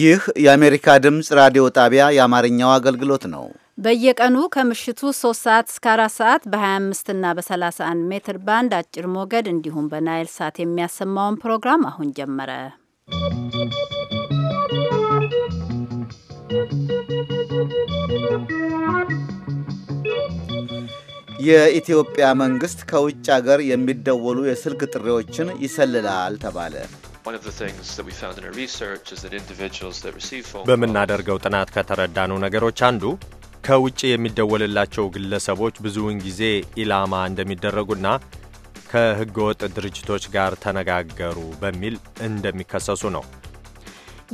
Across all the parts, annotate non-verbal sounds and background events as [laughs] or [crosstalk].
ይህ የአሜሪካ ድምፅ ራዲዮ ጣቢያ የአማርኛው አገልግሎት ነው። በየቀኑ ከምሽቱ 3 ሰዓት እስከ 4 ሰዓት በ25 እና በ31 ሜትር ባንድ አጭር ሞገድ እንዲሁም በናይል ሳት የሚያሰማውን ፕሮግራም አሁን ጀመረ። የኢትዮጵያ መንግስት ከውጭ አገር የሚደወሉ የስልክ ጥሪዎችን ይሰልላል ተባለ። በምናደርገው ጥናት ከተረዳነው ነገሮች አንዱ ከውጭ የሚደወልላቸው ግለሰቦች ብዙውን ጊዜ ኢላማ እንደሚደረጉና ከሕገወጥ ድርጅቶች ጋር ተነጋገሩ በሚል እንደሚከሰሱ ነው።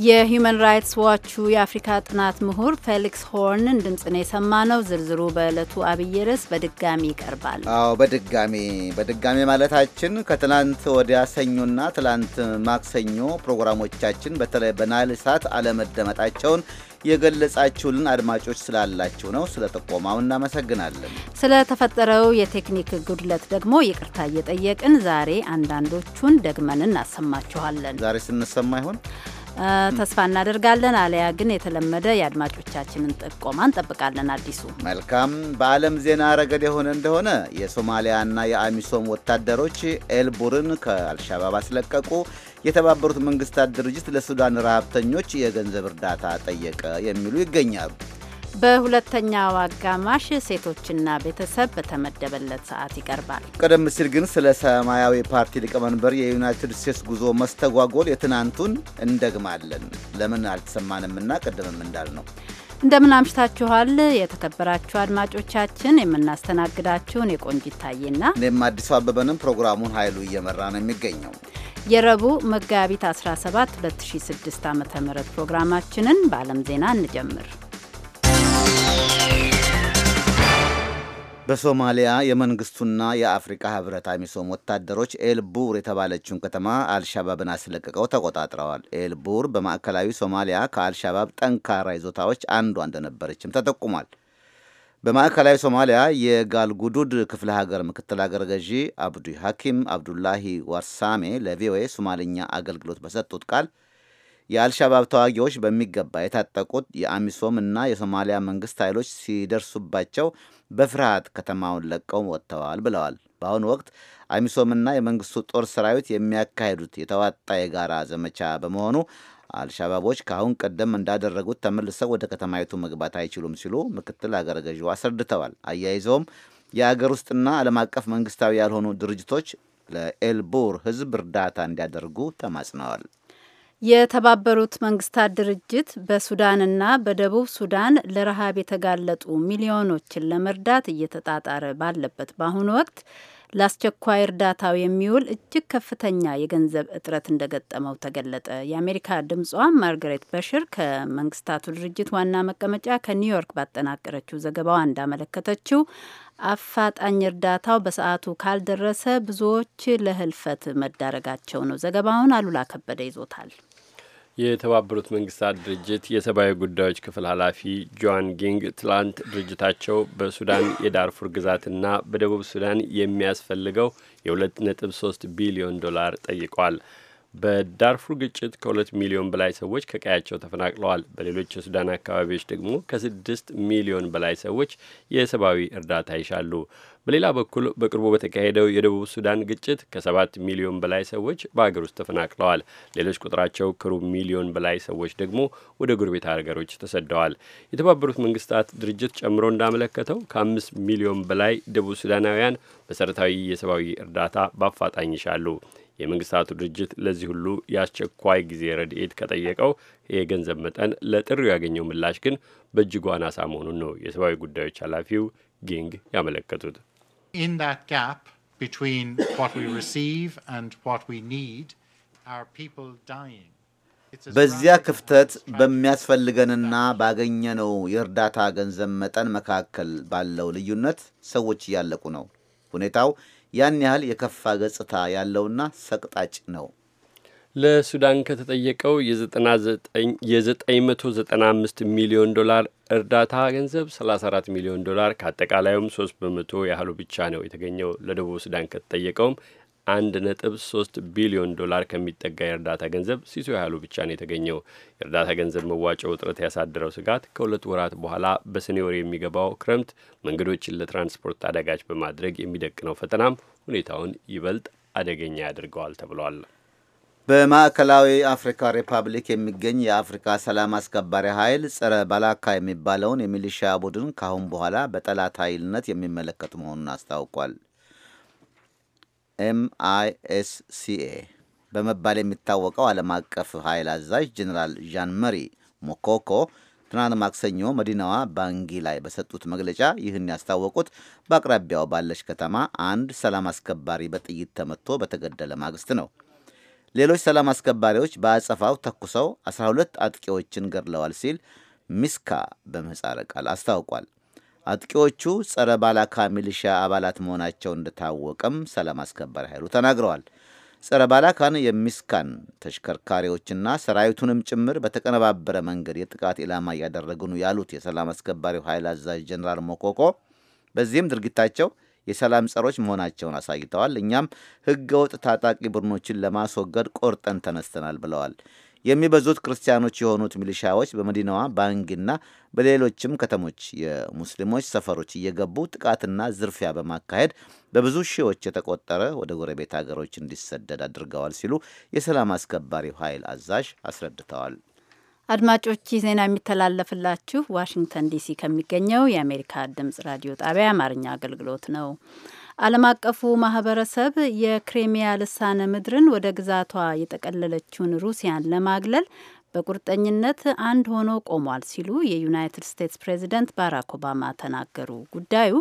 የሂዩማን ራይትስ ዋቹ የአፍሪካ ጥናት ምሁር ፌሊክስ ሆርንን ድምጽ ነው ነው። ዝርዝሩ በዕለቱ አብይ ርዕስ በድጋሚ ይቀርባል። አዎ በድጋሚ በድጋሚ ማለታችን ከትናንት ወዲያ ሰኞና ትላንት ማክሰኞ ፕሮግራሞቻችን በተለይ በናይል ሳት አለመደመጣቸውን የገለጻችሁልን አድማጮች ስላላችሁ ነው። ስለ ጥቆማው እናመሰግናለን። ስለተፈጠረው የቴክኒክ ጉድለት ደግሞ ይቅርታ እየጠየቅን ዛሬ አንዳንዶቹን ደግመን እናሰማችኋለን። ዛሬ ስንሰማ ይሆን? ተስፋ እናደርጋለን። አለያ ግን የተለመደ የአድማጮቻችንን ጥቆማ እንጠብቃለን። አዲሱ መልካም። በዓለም ዜና ረገድ የሆነ እንደሆነ የሶማሊያና የአሚሶም ወታደሮች ኤልቡርን ከአልሻባብ አስለቀቁ። የተባበሩት መንግስታት ድርጅት ለሱዳን ረሃብተኞች የገንዘብ እርዳታ ጠየቀ። የሚሉ ይገኛሉ። በሁለተኛው አጋማሽ ሴቶችና ቤተሰብ በተመደበለት ሰዓት ይቀርባል። ቀደም ሲል ግን ስለ ሰማያዊ ፓርቲ ሊቀመንበር የዩናይትድ ስቴትስ ጉዞ መስተጓጎል የትናንቱን እንደግማለን። ለምን አልተሰማንምና ቅድምም እንዳል ነው። እንደምን አምሽታችኋል የተከበራችሁ አድማጮቻችን። የምናስተናግዳችሁን የቆንጂት ታዬና እኔም አዲሱ አበበንም ፕሮግራሙን ኃይሉ እየመራ ነው የሚገኘው። የረቡዕ መጋቢት 17 2006 ዓ ም ፕሮግራማችንን በዓለም ዜና እንጀምር። በሶማሊያ የመንግስቱና የአፍሪካ ህብረት አሚሶም ወታደሮች ኤልቡር የተባለችውን ከተማ አልሻባብን አስለቅቀው ተቆጣጥረዋል። ኤልቡር በማዕከላዊ ሶማሊያ ከአልሻባብ ጠንካራ ይዞታዎች አንዷ እንደነበረችም ተጠቁሟል። በማዕከላዊ ሶማሊያ የጋልጉዱድ ክፍለ ሀገር ምክትል ሀገር ገዢ አብዱ ሐኪም አብዱላሂ ዋርሳሜ ለቪኦኤ ሶማልኛ አገልግሎት በሰጡት ቃል የአልሻባብ ተዋጊዎች በሚገባ የታጠቁት የአሚሶም እና የሶማሊያ መንግስት ኃይሎች ሲደርሱባቸው በፍርሃት ከተማውን ለቀው ወጥተዋል ብለዋል። በአሁኑ ወቅት አሚሶምና የመንግስቱ ጦር ሰራዊት የሚያካሂዱት የተዋጣ የጋራ ዘመቻ በመሆኑ አልሻባቦች ከአሁን ቀደም እንዳደረጉት ተመልሰው ወደ ከተማይቱ መግባት አይችሉም ሲሉ ምክትል አገረ ገዥ አስረድተዋል። አያይዘውም የአገር ውስጥና ዓለም አቀፍ መንግስታዊ ያልሆኑ ድርጅቶች ለኤልቡር ህዝብ እርዳታ እንዲያደርጉ ተማጽነዋል። የተባበሩት መንግስታት ድርጅት በሱዳንና በደቡብ ሱዳን ለረሃብ የተጋለጡ ሚሊዮኖችን ለመርዳት እየተጣጣረ ባለበት በአሁኑ ወቅት ለአስቸኳይ እርዳታው የሚውል እጅግ ከፍተኛ የገንዘብ እጥረት እንደገጠመው ተገለጠ። የአሜሪካ ድምጿ ማርገሬት በሽር ከመንግስታቱ ድርጅት ዋና መቀመጫ ከኒውዮርክ ባጠናቀረችው ዘገባዋ እንዳመለከተችው አፋጣኝ እርዳታው በሰዓቱ ካልደረሰ ብዙዎች ለህልፈት መዳረጋቸው ነው። ዘገባውን አሉላ ከበደ ይዞታል። የተባበሩት መንግስታት ድርጅት የሰብአዊ ጉዳዮች ክፍል ኃላፊ ጆን ጊንግ ትላንት ድርጅታቸው በሱዳን የዳርፉር ግዛትና በደቡብ ሱዳን የሚያስፈልገው የ2.3 ቢሊዮን ዶላር ጠይቋል። በዳርፉር ግጭት ከሁለት ሚሊዮን በላይ ሰዎች ከቀያቸው ተፈናቅለዋል። በሌሎች የሱዳን አካባቢዎች ደግሞ ከስድስት ሚሊዮን በላይ ሰዎች የሰብአዊ እርዳታ ይሻሉ። በሌላ በኩል በቅርቡ በተካሄደው የደቡብ ሱዳን ግጭት ከሰባት ሚሊዮን በላይ ሰዎች በሀገር ውስጥ ተፈናቅለዋል። ሌሎች ቁጥራቸው ከሩብ ሚሊዮን በላይ ሰዎች ደግሞ ወደ ጎረቤት ሀገሮች ተሰደዋል። የተባበሩት መንግስታት ድርጅት ጨምሮ እንዳመለከተው ከአምስት ሚሊዮን በላይ ደቡብ ሱዳናውያን መሠረታዊ የሰብአዊ እርዳታ በአፋጣኝ ይሻሉ። የመንግስታቱ ድርጅት ለዚህ ሁሉ የአስቸኳይ ጊዜ ረድኤት ከጠየቀው የገንዘብ መጠን ለጥሪው ያገኘው ምላሽ ግን በእጅጉ አናሳ መሆኑን ነው የሰብአዊ ጉዳዮች ኃላፊው ጊንግ ያመለከቱት። በዚያ ክፍተት በሚያስፈልገንና ባገኘነው የእርዳታ ገንዘብ መጠን መካከል ባለው ልዩነት ሰዎች እያለቁ ነው። ሁኔታው ያን ያህል የከፋ ገጽታ ያለውና ሰቅጣጭ ነው። ለሱዳን ከተጠየቀው የ995 ሚሊዮን ዶላር እርዳታ ገንዘብ 34 ሚሊዮን ዶላር ከአጠቃላዩም 3 በመቶ ያህሉ ብቻ ነው የተገኘው። ለደቡብ ሱዳን ከተጠየቀውም አንድ ነጥብ ሶስት ቢሊዮን ዶላር ከሚጠጋ የእርዳታ ገንዘብ ሲሶ ያህሉ ብቻ ነው የተገኘው። የእርዳታ ገንዘብ መዋጮ ውጥረት ያሳደረው ስጋት ከሁለት ወራት በኋላ በሰኔ ወር የሚገባው ክረምት መንገዶችን ለትራንስፖርት አዳጋች በማድረግ የሚደቅነው ፈተናም ሁኔታውን ይበልጥ አደገኛ ያደርገዋል ተብሏል። በማዕከላዊ አፍሪካ ሪፐብሊክ የሚገኝ የአፍሪካ ሰላም አስከባሪ ኃይል ጸረ ባላካ የሚባለውን የሚሊሻ ቡድን ካሁን በኋላ በጠላት ኃይልነት የሚመለከት መሆኑን አስታውቋል። ኤምአይኤስሲኤ በመባል የሚታወቀው ዓለም አቀፍ ኃይል አዛዥ ጀኔራል ዣን መሪ ሞኮኮ ትናንት ማክሰኞ መዲናዋ ባንጊ ላይ በሰጡት መግለጫ ይህን ያስታወቁት በአቅራቢያው ባለች ከተማ አንድ ሰላም አስከባሪ በጥይት ተመቶ በተገደለ ማግስት ነው። ሌሎች ሰላም አስከባሪዎች በአጸፋው ተኩሰው 12 አጥቂዎችን ገድለዋል ሲል ሚስካ በምህጻረ ቃል አስታውቋል። አጥቂዎቹ ጸረ ባላካ ሚሊሻ አባላት መሆናቸው እንደታወቀም ሰላም አስከባሪ ኃይሉ ተናግረዋል። ጸረ ባላካን የሚስካን ተሽከርካሪዎችና ሰራዊቱንም ጭምር በተቀነባበረ መንገድ የጥቃት ኢላማ እያደረጉ ነው ያሉት የሰላም አስከባሪው ኃይል አዛዥ ጀኔራል ሞኮቆ በዚህም ድርጊታቸው የሰላም ጸሮች መሆናቸውን አሳይተዋል። እኛም ህገ ወጥ ታጣቂ ቡድኖችን ለማስወገድ ቆርጠን ተነስተናል ብለዋል። የሚበዙት ክርስቲያኖች የሆኑት ሚሊሻዎች በመዲናዋ ባንጊና በሌሎችም ከተሞች የሙስሊሞች ሰፈሮች እየገቡ ጥቃትና ዝርፊያ በማካሄድ በብዙ ሺዎች የተቆጠረ ወደ ጎረቤት ሀገሮች እንዲሰደድ አድርገዋል ሲሉ የሰላም አስከባሪው ኃይል አዛዥ አስረድተዋል። አድማጮች ዜና የሚተላለፍላችሁ ዋሽንግተን ዲሲ ከሚገኘው የአሜሪካ ድምጽ ራዲዮ ጣቢያ የአማርኛ አገልግሎት ነው። ዓለም አቀፉ ማህበረሰብ የክሬሚያ ልሳነ ምድርን ወደ ግዛቷ የጠቀለለችውን ሩሲያን ለማግለል በቁርጠኝነት አንድ ሆኖ ቆሟል ሲሉ የዩናይትድ ስቴትስ ፕሬዚደንት ባራክ ኦባማ ተናገሩ። ጉዳዩ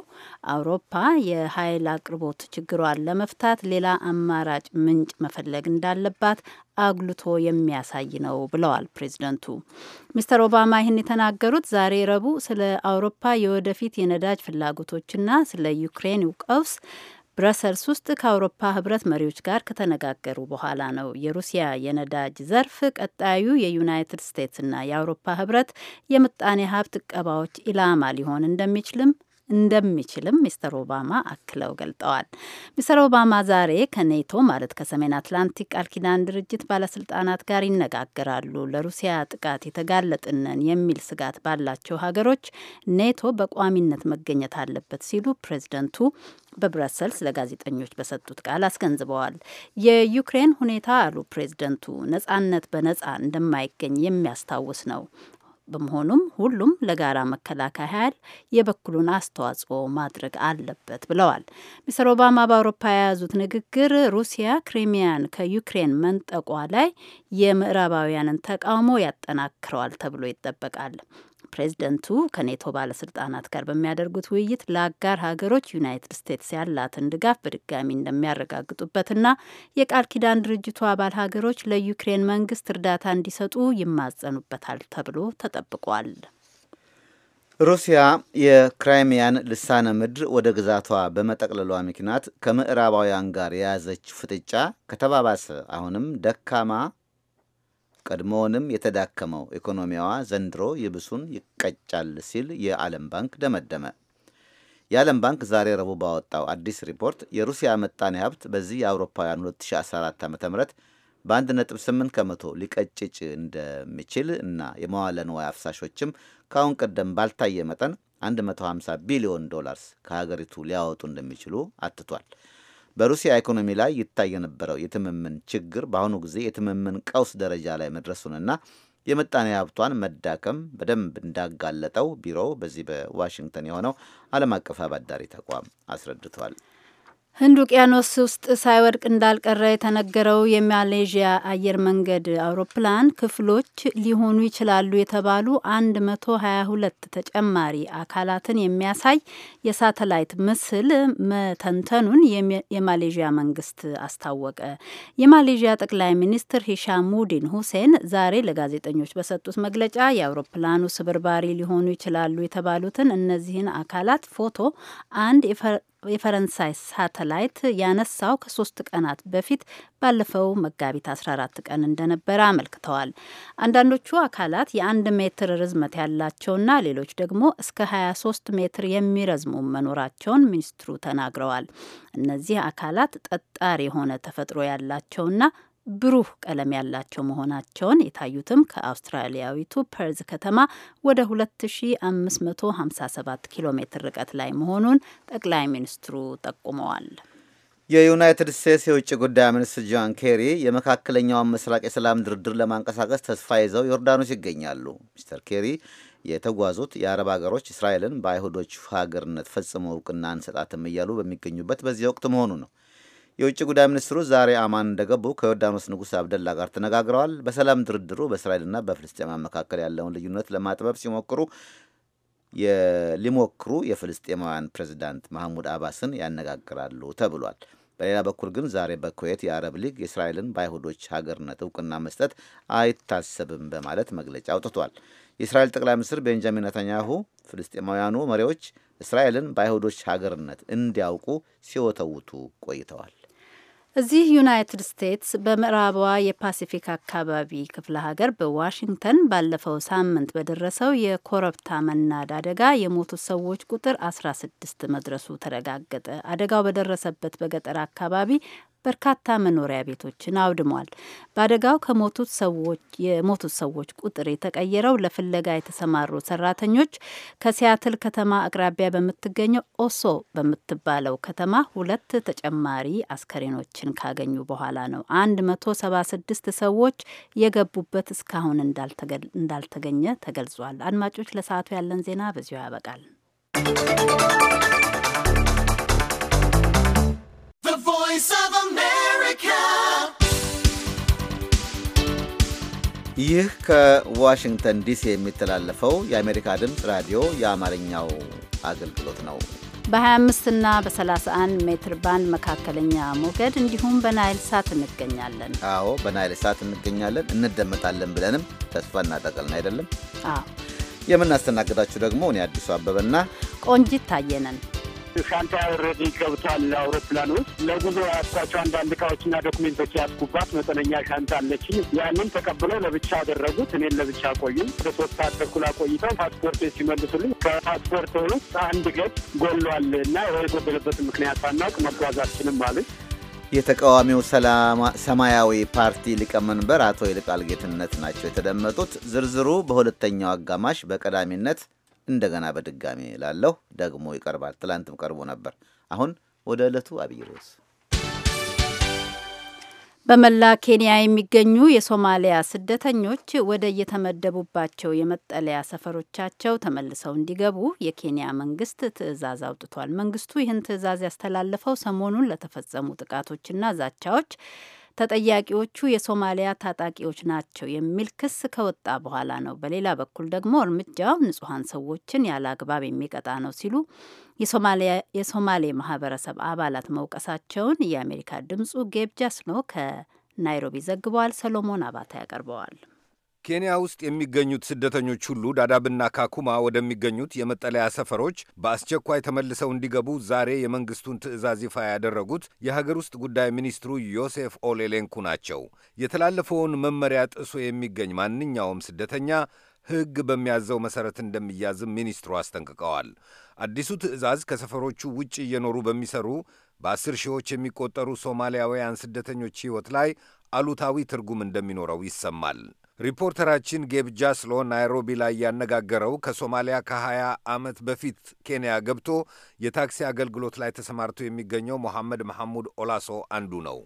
አውሮፓ የኃይል አቅርቦት ችግሯን ለመፍታት ሌላ አማራጭ ምንጭ መፈለግ እንዳለባት አጉልቶ የሚያሳይ ነው ብለዋል ፕሬዚደንቱ። ሚስተር ኦባማ ይህን የተናገሩት ዛሬ ረቡዕ ስለ አውሮፓ የወደፊት የነዳጅ ፍላጎቶችና ስለ ዩክሬን ቀውስ ብረሰልስ ውስጥ ከአውሮፓ ህብረት መሪዎች ጋር ከተነጋገሩ በኋላ ነው። የሩሲያ የነዳጅ ዘርፍ ቀጣዩ የዩናይትድ ስቴትስና የአውሮፓ ህብረት የምጣኔ ሀብት እቀባዎች ኢላማ ሊሆን እንደሚችልም እንደሚችልም ሚስተር ኦባማ አክለው ገልጠዋል። ሚስተር ኦባማ ዛሬ ከኔቶ ማለት ከሰሜን አትላንቲክ ቃል ኪዳን ድርጅት ባለስልጣናት ጋር ይነጋገራሉ። ለሩሲያ ጥቃት የተጋለጥንን የሚል ስጋት ባላቸው ሀገሮች ኔቶ በቋሚነት መገኘት አለበት ሲሉ ፕሬዚደንቱ በብረሰልስ ለጋዜጠኞች በሰጡት ቃል አስገንዝበዋል። የዩክሬን ሁኔታ አሉ ፕሬዚደንቱ ነጻነት በነጻ እንደማይገኝ የሚያስታውስ ነው። በመሆኑም ሁሉም ለጋራ መከላከያ ኃይል የበኩሉን አስተዋጽኦ ማድረግ አለበት ብለዋል። ሚስተር ኦባማ በአውሮፓ የያዙት ንግግር ሩሲያ ክሪሚያን ከዩክሬን መንጠቋ ላይ የምዕራባውያንን ተቃውሞ ያጠናክረዋል ተብሎ ይጠበቃል። ፕሬዚደንቱ ከኔቶ ባለስልጣናት ጋር በሚያደርጉት ውይይት ለአጋር ሀገሮች ዩናይትድ ስቴትስ ያላትን ድጋፍ በድጋሚ እንደሚያረጋግጡበትና የቃል ኪዳን ድርጅቱ አባል ሀገሮች ለዩክሬን መንግስት እርዳታ እንዲሰጡ ይማጸኑበታል ተብሎ ተጠብቋል። ሩሲያ የክራይሚያን ልሳነ ምድር ወደ ግዛቷ በመጠቅለሏ ምክንያት ከምዕራባውያን ጋር የያዘችው ፍጥጫ ከተባባሰ አሁንም ደካማ ቀድሞውንም የተዳከመው ኢኮኖሚዋ ዘንድሮ ይብሱን ይቀጫል ሲል የዓለም ባንክ ደመደመ። የዓለም ባንክ ዛሬ ረቡዕ ባወጣው አዲስ ሪፖርት የሩሲያ ምጣኔ ሀብት በዚህ የአውሮፓውያን 2014 ዓ ም በ1.8 ከመቶ ሊቀጭጭ እንደሚችል እና የመዋለ ንዋይ አፍሳሾችም ከአሁን ቀደም ባልታየ መጠን 150 ቢሊዮን ዶላርስ ከሀገሪቱ ሊያወጡ እንደሚችሉ አትቷል። በሩሲያ ኢኮኖሚ ላይ ይታይ የነበረው የትምምን ችግር በአሁኑ ጊዜ የትምምን ቀውስ ደረጃ ላይ መድረሱንና የምጣኔ ሀብቷን መዳከም በደንብ እንዳጋለጠው ቢሮው በዚህ በዋሽንግተን የሆነው ዓለም አቀፍ አበዳሪ ተቋም አስረድቷል። ህንድ ውቅያኖስ ውስጥ ሳይወድቅ እንዳልቀረ የተነገረው የማሌዥያ አየር መንገድ አውሮፕላን ክፍሎች ሊሆኑ ይችላሉ የተባሉ 122 ተጨማሪ አካላትን የሚያሳይ የሳተላይት ምስል መተንተኑን የማሌዥያ መንግስት አስታወቀ። የማሌዥያ ጠቅላይ ሚኒስትር ሂሻሙዲን ሁሴን ዛሬ ለጋዜጠኞች በሰጡት መግለጫ የአውሮፕላኑ ስብርባሪ ሊሆኑ ይችላሉ የተባሉትን እነዚህን አካላት ፎቶ አንድ የፈረንሳይ ሳተላይት ያነሳው ከሶስት ቀናት በፊት ባለፈው መጋቢት 14 ቀን እንደነበረ አመልክተዋል። አንዳንዶቹ አካላት የአንድ ሜትር ርዝመት ያላቸውና ሌሎች ደግሞ እስከ 23 ሜትር የሚረዝሙ መኖራቸውን ሚኒስትሩ ተናግረዋል። እነዚህ አካላት ጠጣር የሆነ ተፈጥሮ ያላቸውና ብሩህ ቀለም ያላቸው መሆናቸውን የታዩትም ከአውስትራሊያዊቱ ፐርዝ ከተማ ወደ 2557 ኪሎ ሜትር ርቀት ላይ መሆኑን ጠቅላይ ሚኒስትሩ ጠቁመዋል። የዩናይትድ ስቴትስ የውጭ ጉዳይ ሚኒስትር ጆን ኬሪ የመካከለኛውን ምስራቅ የሰላም ድርድር ለማንቀሳቀስ ተስፋ ይዘው ዮርዳኖስ ይገኛሉ። ሚስተር ኬሪ የተጓዙት የአረብ ሀገሮች እስራኤልን በአይሁዶች ሀገርነት ፈጽሞ እውቅና አንሰጣትም እያሉ በሚገኙበት በዚህ ወቅት መሆኑ ነው። የውጭ ጉዳይ ሚኒስትሩ ዛሬ አማን እንደገቡ ከዮርዳኖስ ንጉሥ አብደላ ጋር ተነጋግረዋል። በሰላም ድርድሩ በእስራኤልና በፍልስጤማ መካከል ያለውን ልዩነት ለማጥበብ ሲሞክሩ ሊሞክሩ የፍልስጤማውያን ፕሬዚዳንት ማህሙድ አባስን ያነጋግራሉ ተብሏል። በሌላ በኩል ግን ዛሬ በኩዌት የአረብ ሊግ የእስራኤልን በአይሁዶች ሀገርነት እውቅና መስጠት አይታሰብም በማለት መግለጫ አውጥቷል። የእስራኤል ጠቅላይ ሚኒስትር ቤንጃሚን ነታንያሁ ፍልስጤማውያኑ መሪዎች እስራኤልን በአይሁዶች ሀገርነት እንዲያውቁ ሲወተውቱ ቆይተዋል። እዚህ ዩናይትድ ስቴትስ በምዕራቧ የፓሲፊክ አካባቢ ክፍለ ሀገር በዋሽንግተን ባለፈው ሳምንት በደረሰው የኮረብታ መናድ አደጋ የሞቱት ሰዎች ቁጥር 16 መድረሱ ተረጋገጠ። አደጋው በደረሰበት በገጠር አካባቢ በርካታ መኖሪያ ቤቶችን አውድሟል። በአደጋው ከሞቱት ሰዎች የሞቱት ሰዎች ቁጥር የተቀየረው ለፍለጋ የተሰማሩ ሰራተኞች ከሲያትል ከተማ አቅራቢያ በምትገኘው ኦሶ በምትባለው ከተማ ሁለት ተጨማሪ አስከሬኖችን ካገኙ በኋላ ነው። 176 ሰዎች የገቡበት እስካሁን እንዳልተገኘ ተገልጿል። አድማጮች፣ ለሰዓቱ ያለን ዜና በዚሁ ያበቃል። ይህ ከዋሽንግተን ዲሲ የሚተላለፈው የአሜሪካ ድምፅ ራዲዮ የአማርኛው አገልግሎት ነው። በ25 እና በ31 ሜትር ባንድ መካከለኛ ሞገድ እንዲሁም በናይል ሳት እንገኛለን። አዎ በናይል ሳት እንገኛለን እንደመጣለን ብለንም ተስፋ እናጠቀልን አይደለም። የምናስተናግዳችሁ ደግሞ እኔ አዲሱ አበበና ቆንጂት ታየነን። ሻንጣ ኦልሬዲ ገብቷል አውሮፕላን ውስጥ። ለጉዞ ያስኳቸው አንዳንድ እቃዎችና ዶክሜንቶች ያስኩባት መጠነኛ ሻንጣ አለችኝ። ያንን ተቀብለው ለብቻ አደረጉት፣ እኔን ለብቻ ቆዩም። ወደ ሶስት ሰዓት ተኩል አቆይተው ፓስፖርት ሲመልሱልኝ ከፓስፖርት ውስጥ አንድ ገጽ ጎሏል እና የጎደለበት ምክንያት ሳናውቅ መጓዛችንም አለች። የተቃዋሚው ሰማያዊ ፓርቲ ሊቀመንበር አቶ ይልቃል ጌትነት ናቸው የተደመጡት። ዝርዝሩ በሁለተኛው አጋማሽ በቀዳሚነት እንደገና በድጋሚ ላለሁ ደግሞ ይቀርባል። ትላንትም ቀርቦ ነበር። አሁን ወደ ዕለቱ አብይ ርዕስ በመላ ኬንያ የሚገኙ የሶማሊያ ስደተኞች ወደ እየተመደቡባቸው የመጠለያ ሰፈሮቻቸው ተመልሰው እንዲገቡ የኬንያ መንግስት ትዕዛዝ አውጥቷል። መንግስቱ ይህን ትዕዛዝ ያስተላለፈው ሰሞኑን ለተፈጸሙ ጥቃቶችና ዛቻዎች ተጠያቂዎቹ የሶማሊያ ታጣቂዎች ናቸው የሚል ክስ ከወጣ በኋላ ነው። በሌላ በኩል ደግሞ እርምጃው ንጹሐን ሰዎችን ያለ አግባብ የሚቀጣ ነው ሲሉ የሶማሌ ማህበረሰብ አባላት መውቀሳቸውን የአሜሪካ ድምጹ ጌብጃስኖ ከናይሮቢ ዘግበዋል። ሰሎሞን አባታ ያቀርበዋል። ኬንያ ውስጥ የሚገኙት ስደተኞች ሁሉ ዳዳብና ካኩማ ወደሚገኙት የመጠለያ ሰፈሮች በአስቸኳይ ተመልሰው እንዲገቡ ዛሬ የመንግስቱን ትዕዛዝ ይፋ ያደረጉት የሀገር ውስጥ ጉዳይ ሚኒስትሩ ዮሴፍ ኦሌሌንኩ ናቸው። የተላለፈውን መመሪያ ጥሶ የሚገኝ ማንኛውም ስደተኛ ሕግ በሚያዘው መሠረት እንደሚያዝም ሚኒስትሩ አስጠንቅቀዋል። አዲሱ ትዕዛዝ ከሰፈሮቹ ውጭ እየኖሩ በሚሰሩ በአስር ሺዎች የሚቆጠሩ ሶማሊያውያን ስደተኞች ሕይወት ላይ አሉታዊ ትርጉም እንደሚኖረው ይሰማል። ሪፖርተራችን ጌብጃ ስሎ ናይሮቢ ላይ ያነጋገረው ከሶማሊያ ከ20 ዓመት በፊት ኬንያ ገብቶ የታክሲ አገልግሎት ላይ ተሰማርቶ የሚገኘው ሞሐመድ መሐሙድ ኦላሶ አንዱ ነው።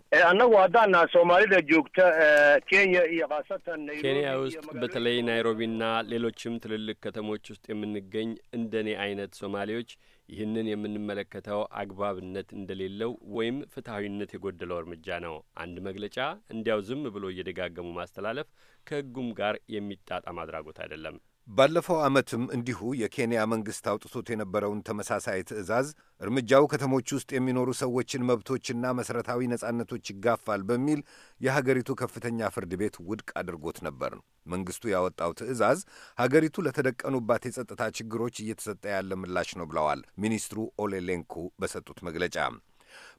ኬንያ ውስጥ በተለይ ናይሮቢና ሌሎችም ትልልቅ ከተሞች ውስጥ የምንገኝ እንደኔ አይነት ሶማሌዎች ይህንን የምንመለከተው አግባብነት እንደሌለው ወይም ፍትሐዊነት የጎደለው እርምጃ ነው። አንድ መግለጫ እንዲያው ዝም ብሎ እየደጋገሙ ማስተላለፍ ከሕጉም ጋር የሚጣጣም አድራጎት አይደለም። ባለፈው ዓመትም እንዲሁ የኬንያ መንግሥት አውጥቶት የነበረውን ተመሳሳይ ትዕዛዝ እርምጃው ከተሞች ውስጥ የሚኖሩ ሰዎችን መብቶችና መሠረታዊ ነጻነቶች ይጋፋል በሚል የሀገሪቱ ከፍተኛ ፍርድ ቤት ውድቅ አድርጎት ነበር። መንግሥቱ ያወጣው ትዕዛዝ ሀገሪቱ ለተደቀኑባት የጸጥታ ችግሮች እየተሰጠ ያለ ምላሽ ነው ብለዋል ሚኒስትሩ ኦሌሌንኩ በሰጡት መግለጫ።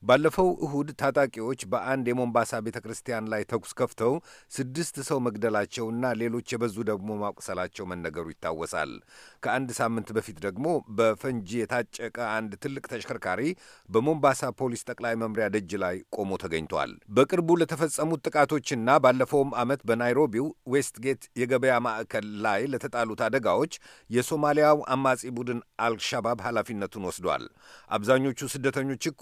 ባለፈው እሁድ ታጣቂዎች በአንድ የሞምባሳ ቤተ ክርስቲያን ላይ ተኩስ ከፍተው ስድስት ሰው መግደላቸውና ሌሎች የበዙ ደግሞ ማቁሰላቸው መነገሩ ይታወሳል። ከአንድ ሳምንት በፊት ደግሞ በፈንጂ የታጨቀ አንድ ትልቅ ተሽከርካሪ በሞምባሳ ፖሊስ ጠቅላይ መምሪያ ደጅ ላይ ቆሞ ተገኝቷል። በቅርቡ ለተፈጸሙት ጥቃቶችና ባለፈውም ዓመት በናይሮቢው ዌስትጌት የገበያ ማዕከል ላይ ለተጣሉት አደጋዎች የሶማሊያው አማጺ ቡድን አልሻባብ ኃላፊነቱን ወስዷል። አብዛኞቹ ስደተኞች እኮ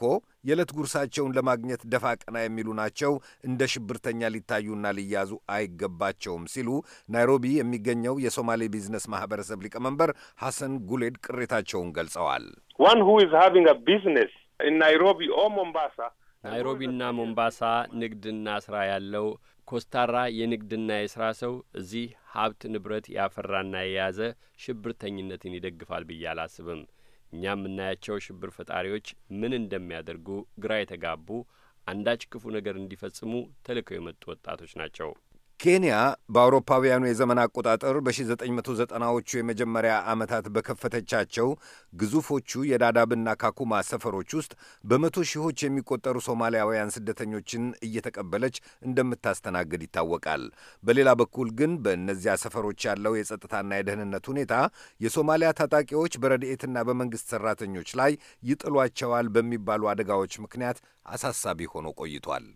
የዕለት የዕለት ጉርሳቸውን ለማግኘት ደፋ ቀና የሚሉ ናቸው። እንደ ሽብርተኛ ሊታዩና ሊያዙ አይገባቸውም ሲሉ ናይሮቢ የሚገኘው የሶማሌ ቢዝነስ ማህበረሰብ ሊቀመንበር ሐሰን ጉሌድ ቅሬታቸውን ገልጸዋል። ናይሮቢ ናይሮቢና ሞምባሳ ንግድና ስራ ያለው ኮስታራ የንግድና የስራ ሰው እዚህ ሀብት ንብረት ያፈራና የያዘ ሽብርተኝነትን ይደግፋል ብዬ አላስብም። እኛ የምናያቸው ሽብር ፈጣሪዎች ምን እንደሚያደርጉ ግራ የተጋቡ አንዳች ክፉ ነገር እንዲፈጽሙ ተልከው የመጡ ወጣቶች ናቸው። ኬንያ በአውሮፓውያኑ የዘመን አቆጣጠር በ1990ዎቹ የመጀመሪያ ዓመታት በከፈተቻቸው ግዙፎቹ የዳዳብና ካኩማ ሰፈሮች ውስጥ በመቶ ሺዎች የሚቆጠሩ ሶማሊያውያን ስደተኞችን እየተቀበለች እንደምታስተናግድ ይታወቃል። በሌላ በኩል ግን በእነዚያ ሰፈሮች ያለው የጸጥታና የደህንነት ሁኔታ የሶማሊያ ታጣቂዎች በረድኤትና በመንግሥት ሠራተኞች ላይ ይጥሏቸዋል በሚባሉ አደጋዎች ምክንያት አሳሳቢ ሆኖ ቆይቷል።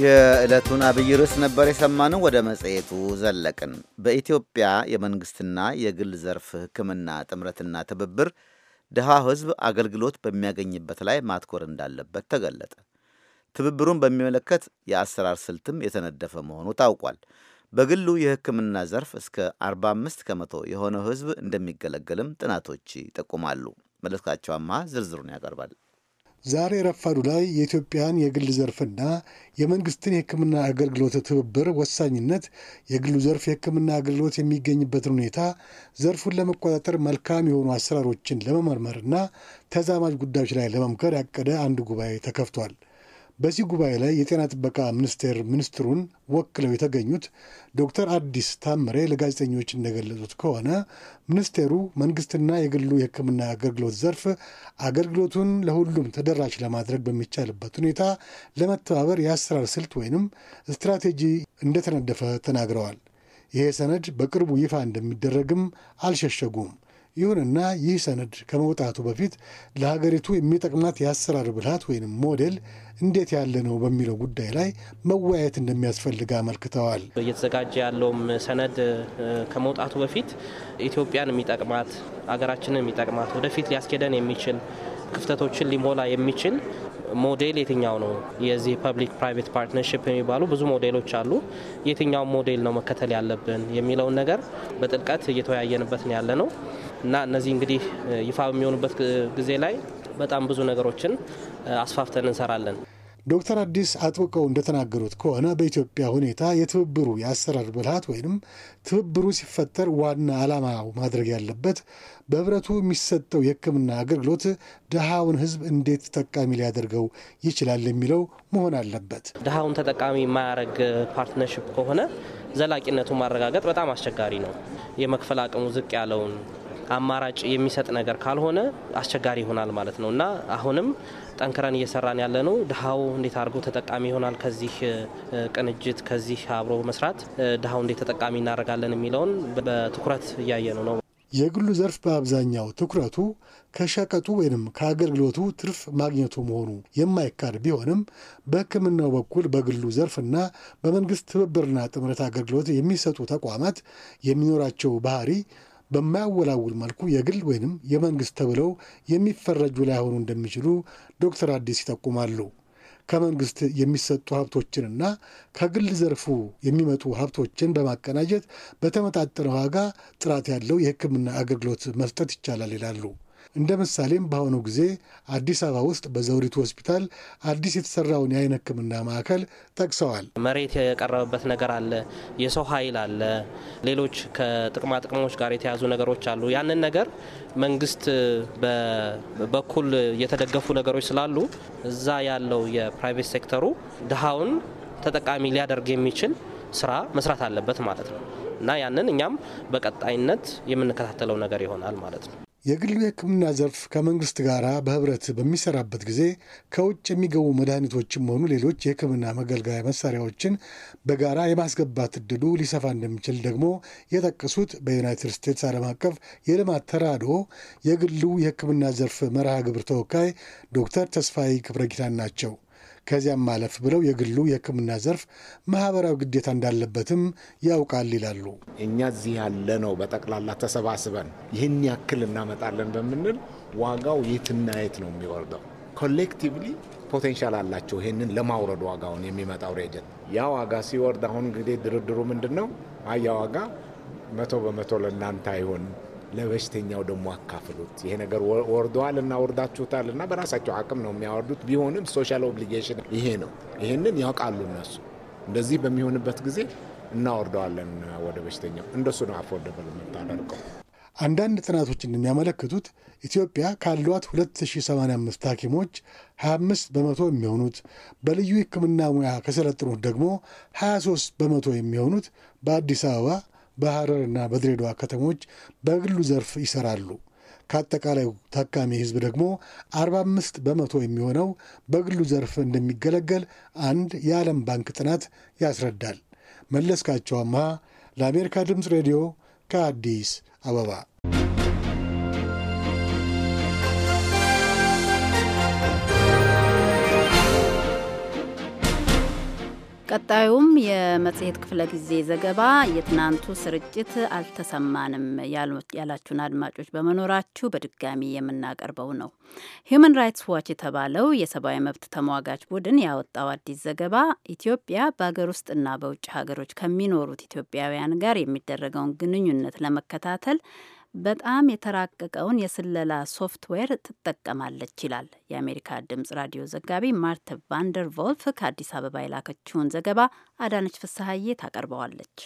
የዕለቱን አብይ ርዕስ ነበር የሰማነው። ወደ መጽሔቱ ዘለቅን። በኢትዮጵያ የመንግሥትና የግል ዘርፍ ሕክምና ጥምረትና ትብብር ድሃው ሕዝብ አገልግሎት በሚያገኝበት ላይ ማትኮር እንዳለበት ተገለጠ። ትብብሩን በሚመለከት የአሰራር ስልትም የተነደፈ መሆኑ ታውቋል። በግሉ የሕክምና ዘርፍ እስከ 45 ከመቶ የሆነው ሕዝብ እንደሚገለገልም ጥናቶች ይጠቁማሉ። መለስካቸው አማሃ ዝርዝሩን ያቀርባል። ዛሬ ረፋዱ ላይ የኢትዮጵያን የግል ዘርፍና የመንግስትን የሕክምና አገልግሎት ትብብር ወሳኝነት፣ የግሉ ዘርፍ የሕክምና አገልግሎት የሚገኝበትን ሁኔታ፣ ዘርፉን ለመቆጣጠር መልካም የሆኑ አሰራሮችን ለመመርመርና ተዛማጅ ጉዳዮች ላይ ለመምከር ያቀደ አንድ ጉባኤ ተከፍቷል። በዚህ ጉባኤ ላይ የጤና ጥበቃ ሚኒስቴር ሚኒስትሩን ወክለው የተገኙት ዶክተር አዲስ ታምሬ ለጋዜጠኞች እንደገለጹት ከሆነ ሚኒስቴሩ መንግስትና የግሉ የሕክምና አገልግሎት ዘርፍ አገልግሎቱን ለሁሉም ተደራሽ ለማድረግ በሚቻልበት ሁኔታ ለመተባበር የአሰራር ስልት ወይንም ስትራቴጂ እንደተነደፈ ተናግረዋል። ይሄ ሰነድ በቅርቡ ይፋ እንደሚደረግም አልሸሸጉም። ይሁንና ይህ ሰነድ ከመውጣቱ በፊት ለሀገሪቱ የሚጠቅማት የአሰራር ብልሃት ወይም ሞዴል እንዴት ያለ ነው በሚለው ጉዳይ ላይ መወያየት እንደሚያስፈልግ አመልክተዋል። እየተዘጋጀ ያለውም ሰነድ ከመውጣቱ በፊት ኢትዮጵያን የሚጠቅማት ሀገራችንን የሚጠቅማት ወደፊት ሊያስኬደን የሚችል ክፍተቶችን ሊሞላ የሚችል ሞዴል የትኛው ነው? የዚህ ፐብሊክ ፕራይቬት ፓርትነርሽፕ የሚባሉ ብዙ ሞዴሎች አሉ። የትኛው ሞዴል ነው መከተል ያለብን የሚለውን ነገር በጥልቀት እየተወያየንበት ነው ያለ ነው። እና እነዚህ እንግዲህ ይፋ በሚሆኑበት ጊዜ ላይ በጣም ብዙ ነገሮችን አስፋፍተን እንሰራለን። ዶክተር አዲስ አጥብቀው እንደተናገሩት ከሆነ በኢትዮጵያ ሁኔታ የትብብሩ የአሰራር ብልሃት ወይም ትብብሩ ሲፈጠር ዋና ዓላማው ማድረግ ያለበት በህብረቱ የሚሰጠው የሕክምና አገልግሎት ድሃውን ህዝብ እንዴት ተጠቃሚ ሊያደርገው ይችላል የሚለው መሆን አለበት። ድሃውን ተጠቃሚ የማያደርግ ፓርትነርሽፕ ከሆነ ዘላቂነቱን ማረጋገጥ በጣም አስቸጋሪ ነው። የመክፈል አቅሙ ዝቅ ያለውን አማራጭ የሚሰጥ ነገር ካልሆነ አስቸጋሪ ይሆናል ማለት ነው እና አሁንም ጠንክረን እየሰራን ያለ ነው። ድሃው እንዴት አድርጎ ተጠቃሚ ይሆናል ከዚህ ቅንጅት ከዚህ አብሮ መስራት ድሃው እንዴት ተጠቃሚ እናደርጋለን የሚለውን በትኩረት እያየ ነው ነው የግሉ ዘርፍ በአብዛኛው ትኩረቱ ከሸቀጡ ወይንም ከአገልግሎቱ ትርፍ ማግኘቱ መሆኑ የማይካድ ቢሆንም በሕክምናው በኩል በግሉ ዘርፍና በመንግስት ትብብርና ጥምረት አገልግሎት የሚሰጡ ተቋማት የሚኖራቸው ባህሪ በማያወላውል መልኩ የግል ወይንም የመንግስት ተብለው የሚፈረጁ ላይሆኑ እንደሚችሉ ዶክተር አዲስ ይጠቁማሉ። ከመንግስት የሚሰጡ ሀብቶችንና ከግል ዘርፉ የሚመጡ ሀብቶችን በማቀናጀት በተመጣጠነ ዋጋ ጥራት ያለው የሕክምና አገልግሎት መስጠት ይቻላል ይላሉ። እንደ ምሳሌም በአሁኑ ጊዜ አዲስ አበባ ውስጥ በዘውዲቱ ሆስፒታል አዲስ የተሰራውን የአይን ሕክምና ማዕከል ጠቅሰዋል። መሬት የቀረበበት ነገር አለ፣ የሰው ኃይል አለ፣ ሌሎች ከጥቅማ ጥቅሞች ጋር የተያዙ ነገሮች አሉ። ያንን ነገር መንግስት በበኩል የተደገፉ ነገሮች ስላሉ እዛ ያለው የፕራይቬት ሴክተሩ ድሃውን ተጠቃሚ ሊያደርግ የሚችል ስራ መስራት አለበት ማለት ነው እና ያንን እኛም በቀጣይነት የምንከታተለው ነገር ይሆናል ማለት ነው። የግሉ የሕክምና ዘርፍ ከመንግስት ጋር በህብረት በሚሰራበት ጊዜ ከውጭ የሚገቡ መድኃኒቶችም ሆኑ ሌሎች የሕክምና መገልገያ መሳሪያዎችን በጋራ የማስገባት እድሉ ሊሰፋ እንደሚችል ደግሞ የጠቀሱት በዩናይትድ ስቴትስ ዓለም አቀፍ የልማት ተራድኦ የግሉ የሕክምና ዘርፍ መርሃ ግብር ተወካይ ዶክተር ተስፋይ ክብረጊታን ናቸው። ከዚያም ማለፍ ብለው የግሉ የሕክምና ዘርፍ ማህበራዊ ግዴታ እንዳለበትም ያውቃል ይላሉ። እኛ እዚህ ያለ ነው በጠቅላላ ተሰባስበን ይህን ያክል እናመጣለን በምንል ዋጋው የትና የት ነው የሚወርደው? ኮሌክቲቭሊ ፖቴንሻል አላቸው ይህንን ለማውረድ ዋጋውን የሚመጣው ሬጀት ያ ዋጋ ሲወርድ አሁን እንግዲህ ድርድሩ ምንድን ነው? አያ ዋጋ መቶ በመቶ ለእናንተ አይሆንም ለበሽተኛው ደግሞ አካፍሉት። ይሄ ነገር ወርደዋል እና ወርዳችሁታል እና በራሳቸው አቅም ነው የሚያወርዱት። ቢሆንም ሶሻል ኦብሊጌሽን ይሄ ነው። ይሄንን ያውቃሉ እነሱ። እንደዚህ በሚሆንበት ጊዜ እናወርደዋለን ወደ በሽተኛው። እንደሱ ነው አፎርደብል የምታደርገው። አንዳንድ ጥናቶች እንደሚያመለክቱት ኢትዮጵያ ካሏት 2085 ሐኪሞች 25 በመቶ የሚሆኑት በልዩ ሕክምና ሙያ ከሰለጠኑት ደግሞ 23 በመቶ የሚሆኑት በአዲስ አበባ በሐረርና በድሬዳዋ ከተሞች በግሉ ዘርፍ ይሰራሉ። ከአጠቃላዩ ታካሚ ህዝብ ደግሞ 45 በመቶ የሚሆነው በግሉ ዘርፍ እንደሚገለገል አንድ የዓለም ባንክ ጥናት ያስረዳል። መለስካቸው አምሃ ለአሜሪካ ድምፅ ሬዲዮ ከአዲስ አበባ ቀጣዩም የመጽሔት ክፍለ ጊዜ ዘገባ የትናንቱ ስርጭት አልተሰማንም ያላችሁን አድማጮች በመኖራችሁ በድጋሚ የምናቀርበው ነው። ሂዩማን ራይትስ ዋች የተባለው የሰብአዊ መብት ተሟጋች ቡድን ያወጣው አዲስ ዘገባ ኢትዮጵያ በሀገር ውስጥና በውጭ ሀገሮች ከሚኖሩት ኢትዮጵያውያን ጋር የሚደረገውን ግንኙነት ለመከታተል በጣም የተራቀቀውን የስለላ ሶፍትዌር ትጠቀማለች ይላል የአሜሪካ ድምጽ ራዲዮ ዘጋቢ ማርተ ቫንደር ቮልፍ ከአዲስ አበባ የላከችውን ዘገባ አዳነች ፍስሀዬ ታቀርበዋለች።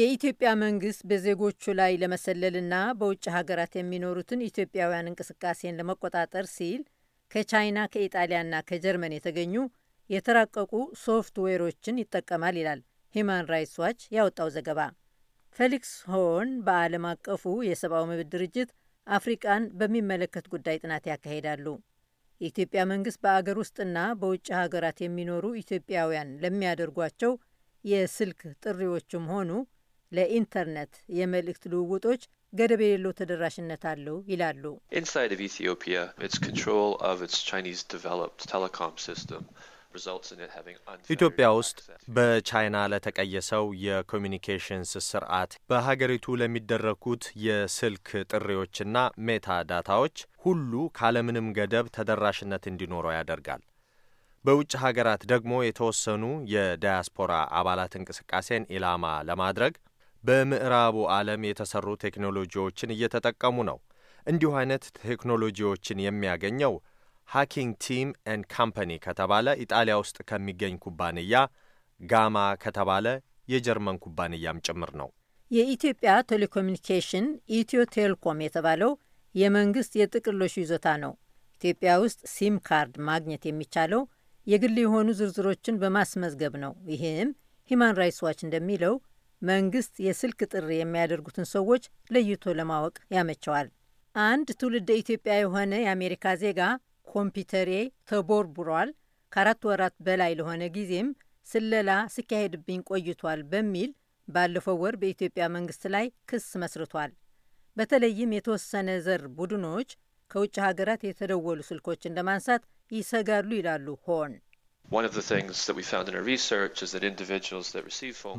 የኢትዮጵያ መንግስት በዜጎቹ ላይ ለመሰለልና በውጭ ሀገራት የሚኖሩትን ኢትዮጵያውያን እንቅስቃሴን ለመቆጣጠር ሲል ከቻይና ከኢጣሊያና ከጀርመን የተገኙ የተራቀቁ ሶፍትዌሮችን ይጠቀማል ይላል ሂማን ራይትስ ዋች ያወጣው ዘገባ። ፌሊክስ ሆርን በዓለም አቀፉ የሰብአዊ መብት ድርጅት አፍሪቃን በሚመለከት ጉዳይ ጥናት ያካሂዳሉ። የኢትዮጵያ መንግስት በአገር ውስጥና በውጭ ሀገራት የሚኖሩ ኢትዮጵያውያን ለሚያደርጓቸው የስልክ ጥሪዎችም ሆኑ ለኢንተርኔት የመልእክት ልውውጦች ገደብ የሌለው ተደራሽነት አለው ይላሉ። ኢንሳይድ ኢትዮጵያ ኢትስ ኮንትሮል ኦፍ ኢትስ ቻይኒዝ ዲቨሎፕድ ቴሌኮም ሲስተም ኢትዮጵያ ውስጥ በቻይና ለተቀየሰው የኮሚኒኬሽንስ ስርዓት በሀገሪቱ ለሚደረጉት የስልክ ጥሪዎችና ሜታ ዳታዎች ሁሉ ካለምንም ገደብ ተደራሽነት እንዲኖረው ያደርጋል። በውጭ ሀገራት ደግሞ የተወሰኑ የዳያስፖራ አባላት እንቅስቃሴን ኢላማ ለማድረግ በምዕራቡ ዓለም የተሰሩ ቴክኖሎጂዎችን እየተጠቀሙ ነው። እንዲሁ አይነት ቴክኖሎጂዎችን የሚያገኘው ሃኪንግ ቲም ኤን ካምፓኒ ከተባለ ኢጣሊያ ውስጥ ከሚገኝ ኩባንያ ጋማ ከተባለ የጀርመን ኩባንያም ጭምር ነው። የኢትዮጵያ ቴሌኮሚኒኬሽን ኢትዮ ቴሌኮም የተባለው የመንግስት የጥቅሎሹ ይዞታ ነው። ኢትዮጵያ ውስጥ ሲም ካርድ ማግኘት የሚቻለው የግል የሆኑ ዝርዝሮችን በማስመዝገብ ነው። ይህም ሂማን ራይትስ ዋች እንደሚለው መንግስት የስልክ ጥሪ የሚያደርጉትን ሰዎች ለይቶ ለማወቅ ያመቸዋል። አንድ ትውልደ ኢትዮጵያ የሆነ የአሜሪካ ዜጋ ኮምፒውተሬ ተቦርቡሯል፣ ከአራት ወራት በላይ ለሆነ ጊዜም ስለላ ሲካሄድብኝ ቆይቷል በሚል ባለፈው ወር በኢትዮጵያ መንግስት ላይ ክስ መስርቷል። በተለይም የተወሰነ ዘር ቡድኖች ከውጭ ሀገራት የተደወሉ ስልኮችን ለማንሳት ይሰጋሉ ይላሉ ሆን።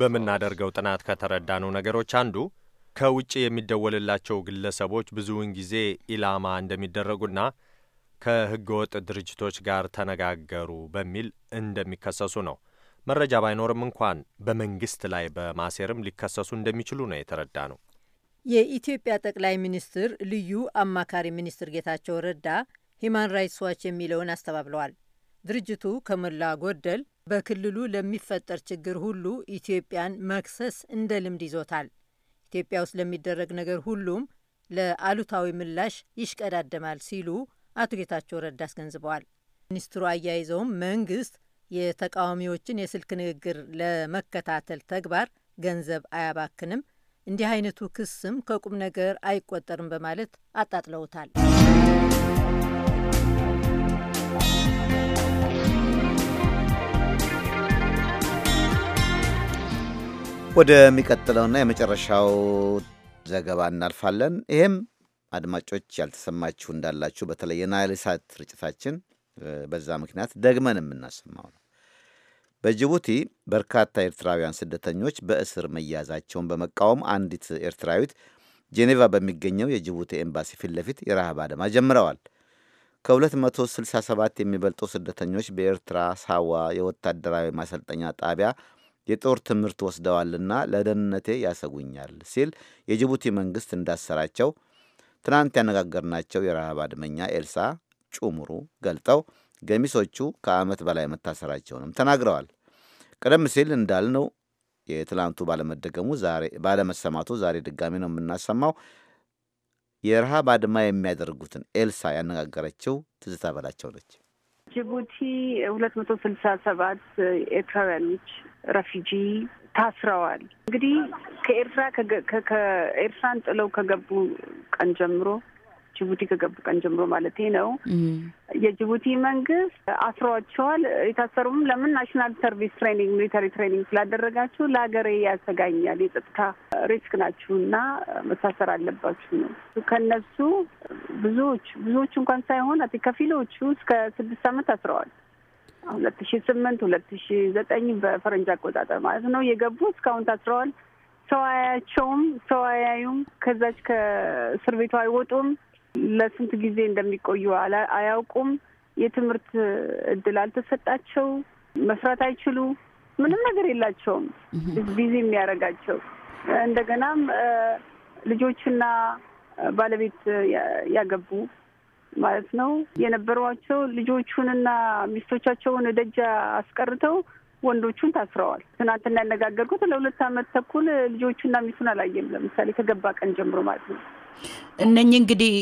በምናደርገው ጥናት ከተረዳነው ነገሮች አንዱ ከውጭ የሚደወልላቸው ግለሰቦች ብዙውን ጊዜ ኢላማ እንደሚደረጉና ከህገወጥ ድርጅቶች ጋር ተነጋገሩ በሚል እንደሚከሰሱ ነው። መረጃ ባይኖርም እንኳን በመንግስት ላይ በማሴርም ሊከሰሱ እንደሚችሉ ነው የተረዳ ነው። የኢትዮጵያ ጠቅላይ ሚኒስትር ልዩ አማካሪ ሚኒስትር ጌታቸው ረዳ ሂማን ራይትስ ዋች የሚለውን አስተባብለዋል። ድርጅቱ ከሞላ ጎደል በክልሉ ለሚፈጠር ችግር ሁሉ ኢትዮጵያን መክሰስ እንደ ልምድ ይዞታል። ኢትዮጵያ ውስጥ ለሚደረግ ነገር ሁሉም ለአሉታዊ ምላሽ ይሽቀዳደማል ሲሉ አቶ ጌታቸው ረዳ አስገንዝበዋል። ሚኒስትሩ አያይዘውም መንግስት የተቃዋሚዎችን የስልክ ንግግር ለመከታተል ተግባር ገንዘብ አያባክንም፣ እንዲህ አይነቱ ክስም ከቁም ነገር አይቆጠርም በማለት አጣጥለውታል። ወደሚቀጥለውና የመጨረሻው ዘገባ እናልፋለን። ይህም አድማጮች ያልተሰማችሁ እንዳላችሁ በተለይ የናይል ሳት ስርጭታችን በዛ ምክንያት ደግመን የምናሰማው ነው። በጅቡቲ በርካታ ኤርትራውያን ስደተኞች በእስር መያዛቸውን በመቃወም አንዲት ኤርትራዊት ጄኔቫ በሚገኘው የጅቡቲ ኤምባሲ ፊት ለፊት የረሃብ አድማ ጀምረዋል። ከ267 የሚበልጡ ስደተኞች በኤርትራ ሳዋ የወታደራዊ ማሰልጠኛ ጣቢያ የጦር ትምህርት ወስደዋልና ለደህንነቴ ያሰጉኛል ሲል የጅቡቲ መንግስት እንዳሰራቸው ትናንት ያነጋገርናቸው የረሃብ አድመኛ ኤልሳ ጩሙሩ ገልጠው ገሚሶቹ ከዓመት በላይ መታሰራቸውንም ተናግረዋል። ቀደም ሲል እንዳልነው የትላንቱ ባለመደገሙ ዛሬ ባለመሰማቱ ዛሬ ድጋሚ ነው የምናሰማው። የረሃብ አድማ የሚያደርጉትን ኤልሳ ያነጋገረችው ትዝታ በላቸው ነች። ጅቡቲ ሁለት መቶ ስልሳ ሰባት ኤርትራውያኖች ረፊጂ ታስረዋል። እንግዲህ ከኤርትራ ከኤርትራን ጥለው ከገቡ ቀን ጀምሮ ጅቡቲ ከገቡ ቀን ጀምሮ ማለት ነው። የጅቡቲ መንግስት አስሯቸዋል። የታሰሩም ለምን ናሽናል ሰርቪስ ትሬኒንግ ሚሊተሪ ትሬኒንግ ስላደረጋችሁ ለሀገሬ ያሰጋኛል፣ የጸጥታ ሪስክ ናችሁ እና መታሰር አለባችሁ ነው። ከነሱ ብዙዎች ብዙዎቹ እንኳን ሳይሆን ከፊሎቹ እስከ ስድስት ዓመት አስረዋል። ሁለት ሺ ስምንት ሁለት ሺ ዘጠኝ በፈረንጅ አቆጣጠር ማለት ነው የገቡ እስካሁን ታስረዋል። ሰው አያቸውም፣ ሰው አያዩም። ከዛች ከእስር ቤቱ አይወጡም። ለስንት ጊዜ እንደሚቆዩ አያውቁም። የትምህርት እድል አልተሰጣቸው፣ መስራት አይችሉ፣ ምንም ነገር የላቸውም ቢዚ የሚያደርጋቸው። እንደገናም ልጆችና ባለቤት ያገቡ ማለት ነው የነበሯቸው ልጆቹንና ሚስቶቻቸውን ደጃ አስቀርተው ወንዶቹን ታስረዋል። ትናንትና ያነጋገርኩት ለሁለት ዓመት ተኩል ልጆቹና ሚስቱን አላየም። ለምሳሌ ከገባ ቀን ጀምሮ ማለት ነው እነኚህ እንግዲህ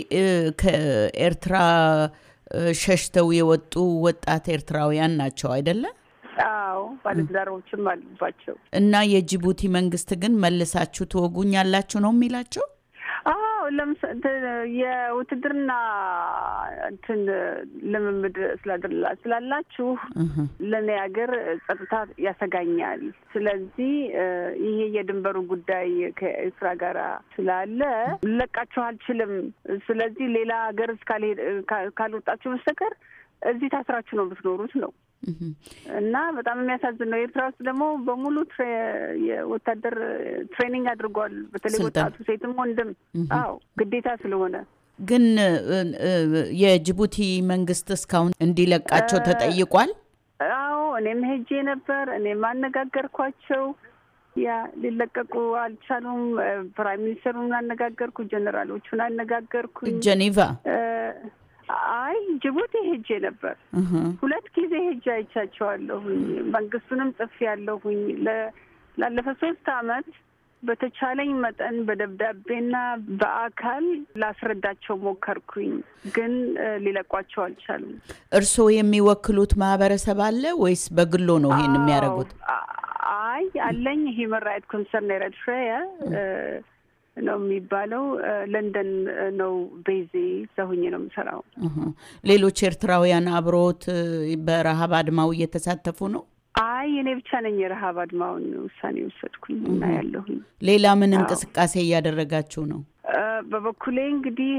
ከኤርትራ ሸሽተው የወጡ ወጣት ኤርትራውያን ናቸው አይደለ? አዎ ባለትዳሮችም አሉባቸው። እና የጅቡቲ መንግስት ግን መልሳችሁ ትወጉኛላችሁ ነው የሚላቸው? አሁን የውትድርና እንትን ልምምድ ስላላችሁ ለእኔ ሀገር ጸጥታ ያሰጋኛል። ስለዚህ ይሄ የድንበሩ ጉዳይ ከኤርትራ ጋር ስላለ ልለቃችሁ አልችልም። ስለዚህ ሌላ ሀገር ካልወጣችሁ በስተቀር እዚህ ታስራችሁ ነው ብትኖሩት ነው እና በጣም የሚያሳዝን ነው። ኤርትራ ውስጥ ደግሞ በሙሉ ወታደር ትሬኒንግ አድርጓል። በተለይ ወጣቱ ሴትም ወንድም። አዎ ግዴታ ስለሆነ ግን የጅቡቲ መንግስት እስካሁን እንዲለቃቸው ተጠይቋል። አዎ እኔም ሄጄ ነበር። እኔም አነጋገርኳቸው። ያ ሊለቀቁ አልቻሉም። ፕራይም ሚኒስትሩን አነጋገርኩ፣ ጀኔራሎቹን አነጋገርኩ ጀኔቫ አይ ጅቡቲ ሄጄ ነበር። ሁለት ጊዜ ሄጄ አይቻቸዋለሁኝ። መንግስቱንም ጽፌ ያለሁኝ ላለፈ ሶስት አመት በተቻለኝ መጠን በደብዳቤና በአካል ላስረዳቸው ሞከርኩኝ፣ ግን ሊለቋቸው አልቻሉም። እርስዎ የሚወክሉት ማህበረሰብ አለ ወይስ በግሎ ነው ይሄን የሚያደርጉት? አይ አለኝ ሂውመን ራይት ኮንሰርን ኤረትራያ ነው የሚባለው። ለንደን ነው ቤዜ ዘሁኜ ነው የምሰራው። ሌሎች ኤርትራውያን አብሮት በረሀብ አድማው እየተሳተፉ ነው? አይ እኔ ብቻ ነኝ የረሀብ አድማውን ውሳኔ የወሰድኩኝ እና ያለሁኝ። ሌላ ምን እንቅስቃሴ እያደረጋችሁ ነው? በበኩሌ እንግዲህ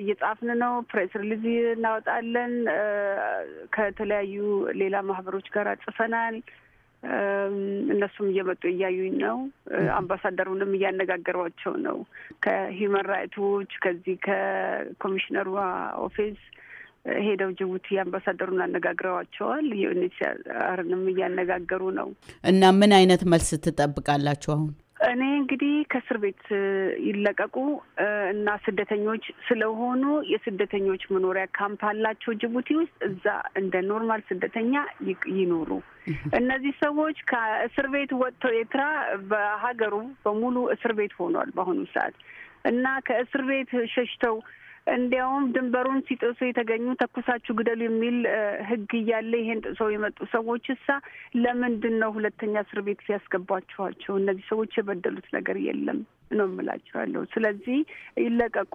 እየጻፍን ነው። ፕሬስ ሪሊዝ እናወጣለን። ከተለያዩ ሌላ ማህበሮች ጋር ጽፈናል። እነሱም እየመጡ እያዩኝ ነው። አምባሳደሩንም እያነጋገሯቸው ነው። ከሂውማን ራይት ዎች ከዚህ ከኮሚሽነሩ ኦፊስ ሄደው ጅቡቲ አምባሳደሩን አነጋግረዋቸዋል። ዩኤንኤችሲአርንም እያነጋገሩ ነው። እና ምን አይነት መልስ ትጠብቃላችሁ አሁን? እኔ እንግዲህ ከእስር ቤት ይለቀቁ እና ስደተኞች ስለሆኑ የስደተኞች መኖሪያ ካምፕ አላቸው ጅቡቲ ውስጥ። እዛ እንደ ኖርማል ስደተኛ ይኖሩ። እነዚህ ሰዎች ከእስር ቤት ወጥተው ኤርትራ በሀገሩ በሙሉ እስር ቤት ሆኗል በአሁኑ ሰዓት እና ከእስር ቤት ሸሽተው እንዲያውም ድንበሩን ሲጥሱ የተገኙ ተኩሳችሁ ግደሉ የሚል ህግ እያለ ይሄን ጥሰው የመጡ ሰዎች እሳ ለምንድን ነው ሁለተኛ እስር ቤት ሲያስገቧችኋቸው? እነዚህ ሰዎች የበደሉት ነገር የለም ነው የምላቸዋለሁ። ስለዚህ ይለቀቁ።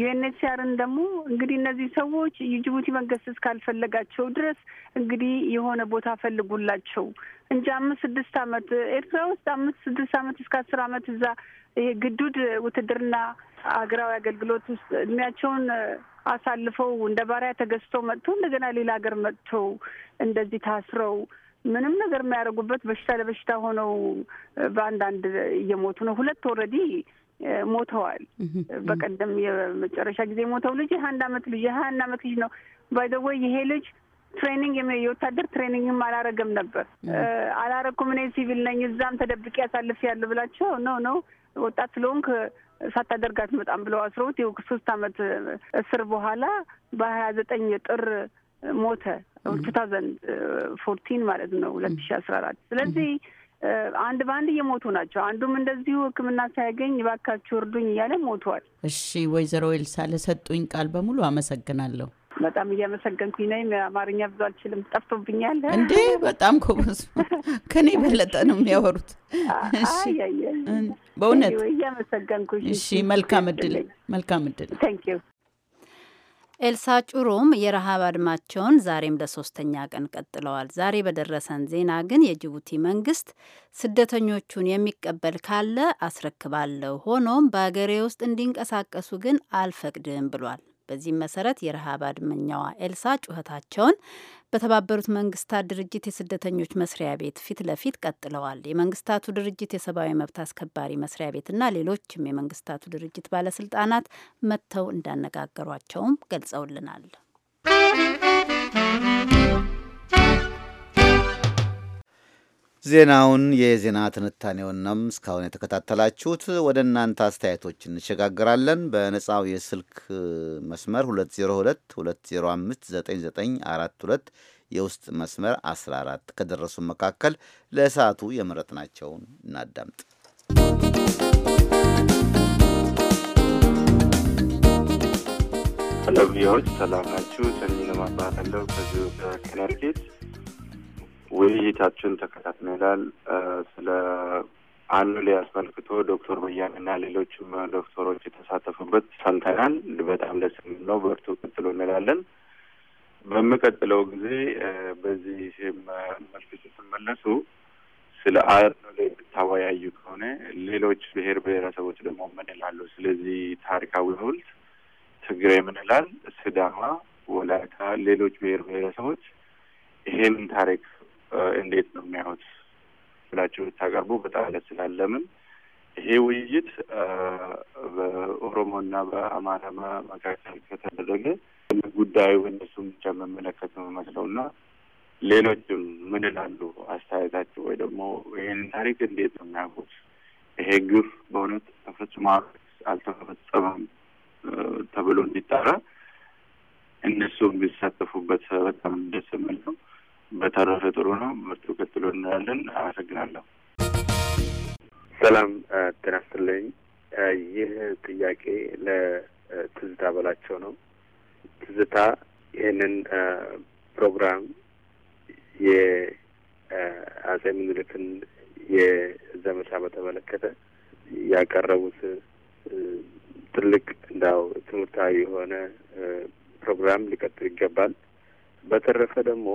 ዩኤንኤችሲአርን ደግሞ እንግዲህ እነዚህ ሰዎች የጅቡቲ መንግስት እስካልፈለጋቸው ድረስ እንግዲህ የሆነ ቦታ ፈልጉላቸው እንጂ አምስት ስድስት አመት ኤርትራ ውስጥ አምስት ስድስት አመት እስከ አስር አመት እዛ ይሄ ግዱድ ውትድርና አገራዊ አገልግሎት ውስጥ እድሜያቸውን አሳልፈው እንደ ባሪያ ተገዝተው መጥቶ እንደገና ሌላ ሀገር መጥተው እንደዚህ ታስረው ምንም ነገር የማያደርጉበት በሽታ ለበሽታ ሆነው በአንዳንድ እየሞቱ ነው። ሁለት ወረዲ ሞተዋል። በቀደም የመጨረሻ ጊዜ ሞተው ልጅ የሀያ አንድ አመት ልጅ የሀያ አንድ አመት ልጅ ነው። ባይዘወይ ይሄ ልጅ ትሬኒንግ የወታደር ትሬኒንግም አላረገም ነበር። አላረኩም እኔ ሲቪል ነኝ እዛም ተደብቄ ያሳልፍ ያለ ብላቸው ነው ነው ወጣት ስለሆንክ ሳታደርጋት በጣም ብለው አስረውት ይኸው ሶስት አመት እስር በኋላ በሀያ ዘጠኝ ጥር ሞተ ቱ ታውዘንድ ፎርቲን ማለት ነው ሁለት ሺ አስራ አራት ስለዚህ አንድ በአንድ እየሞቱ ናቸው። አንዱም እንደዚሁ ሕክምና ሳያገኝ እባካችሁ እርዱኝ እያለ ሞቷል። እሺ፣ ወይዘሮ ኤልሳ ለሰጡኝ ቃል በሙሉ አመሰግናለሁ። በጣም እያመሰገንኩኝ ነኝ። አማርኛ ብዙ አልችልም፣ ጠፍቶብኛል። እንዴ በጣም ኮበዝ፣ ከኔ በለጠ ነው የሚያወሩት። በእውነት እያመሰገንኩኝ። እሺ መልካም እድል፣ መልካም እድል። ኤልሳ ጩሩም የረሃብ አድማቸውን ዛሬም ለሶስተኛ ቀን ቀጥለዋል። ዛሬ በደረሰን ዜና ግን የጅቡቲ መንግስት ስደተኞቹን የሚቀበል ካለ አስረክባለሁ፣ ሆኖም በአገሬ ውስጥ እንዲንቀሳቀሱ ግን አልፈቅድም ብሏል። በዚህም መሰረት የረሃብ አድመኛዋ ኤልሳ ጩኸታቸውን በተባበሩት መንግስታት ድርጅት የስደተኞች መስሪያ ቤት ፊት ለፊት ቀጥለዋል። የመንግስታቱ ድርጅት የሰብአዊ መብት አስከባሪ መስሪያ ቤትና ሌሎችም የመንግስታቱ ድርጅት ባለስልጣናት መጥተው እንዳነጋገሯቸውም ገልጸውልናል። ዜናውን የዜና ትንታኔውን ነም እስካሁን የተከታተላችሁት። ወደ እናንተ አስተያየቶች እንሸጋግራለን። በነጻው የስልክ መስመር 2022059942 የውስጥ መስመር 14 ከደረሱ መካከል ለሰዓቱ የመረጥናቸውን እናዳምጥ። ሄሎ ሰላም ናችሁ? ሰኒ አለው ከዚሁ ከኮነርቲት ውይይታችን ተከታትለናል። ስለ አኑሌ አስመልክቶ ዶክተር በያን እና ሌሎችም ዶክተሮች የተሳተፉበት ሰምተናል። በጣም ደስ የሚል ነው። በርቱ፣ ቀጥሎ እንላለን። በምቀጥለው ጊዜ በዚህ መልክ ስትመለሱ ስለ አኑሌ ብታወያዩ ከሆነ ሌሎች ብሔር ብሔረሰቦች ደግሞ ምን ይላሉ? ስለዚህ ታሪካዊ ሐውልት ትግራይ ምን ይላል? ስዳማ፣ ወላይታ፣ ሌሎች ብሔር ብሔረሰቦች ይሄንን ታሪክ እንዴት ነው የሚያዩት ብላችሁ ብታቀርቡ በጣም ደስ ይላል። ለምን ይሄ ውይይት በኦሮሞና በአማራ መካከል ከተደረገ ጉዳዩ እነሱም ብቻ መመለከት ነው መስለው እና ሌሎችም ምን ይላሉ አስተያየታቸው፣ ወይ ደግሞ ይህን ታሪክ እንዴት ነው የሚያውቁት? ይሄ ግፍ በእውነት ተፈጽሟል አልተፈጸመም ተብሎ እንዲጣራ እነሱም ቢሳተፉበት በጣም ደስ የሚል ነው። በተረፈ ጥሩ ነው። ምርቱ ቀጥሎ እናያለን። አመሰግናለሁ። ሰላም ጤና ይስጥልኝ። ይህ ጥያቄ ለትዝታ በላቸው ነው። ትዝታ ይህንን ፕሮግራም የአጼ ምኒልክን የዘመቻ በተመለከተ ያቀረቡት ትልቅ እንዳው ትምህርታዊ የሆነ ፕሮግራም ሊቀጥል ይገባል። በተረፈ ደግሞ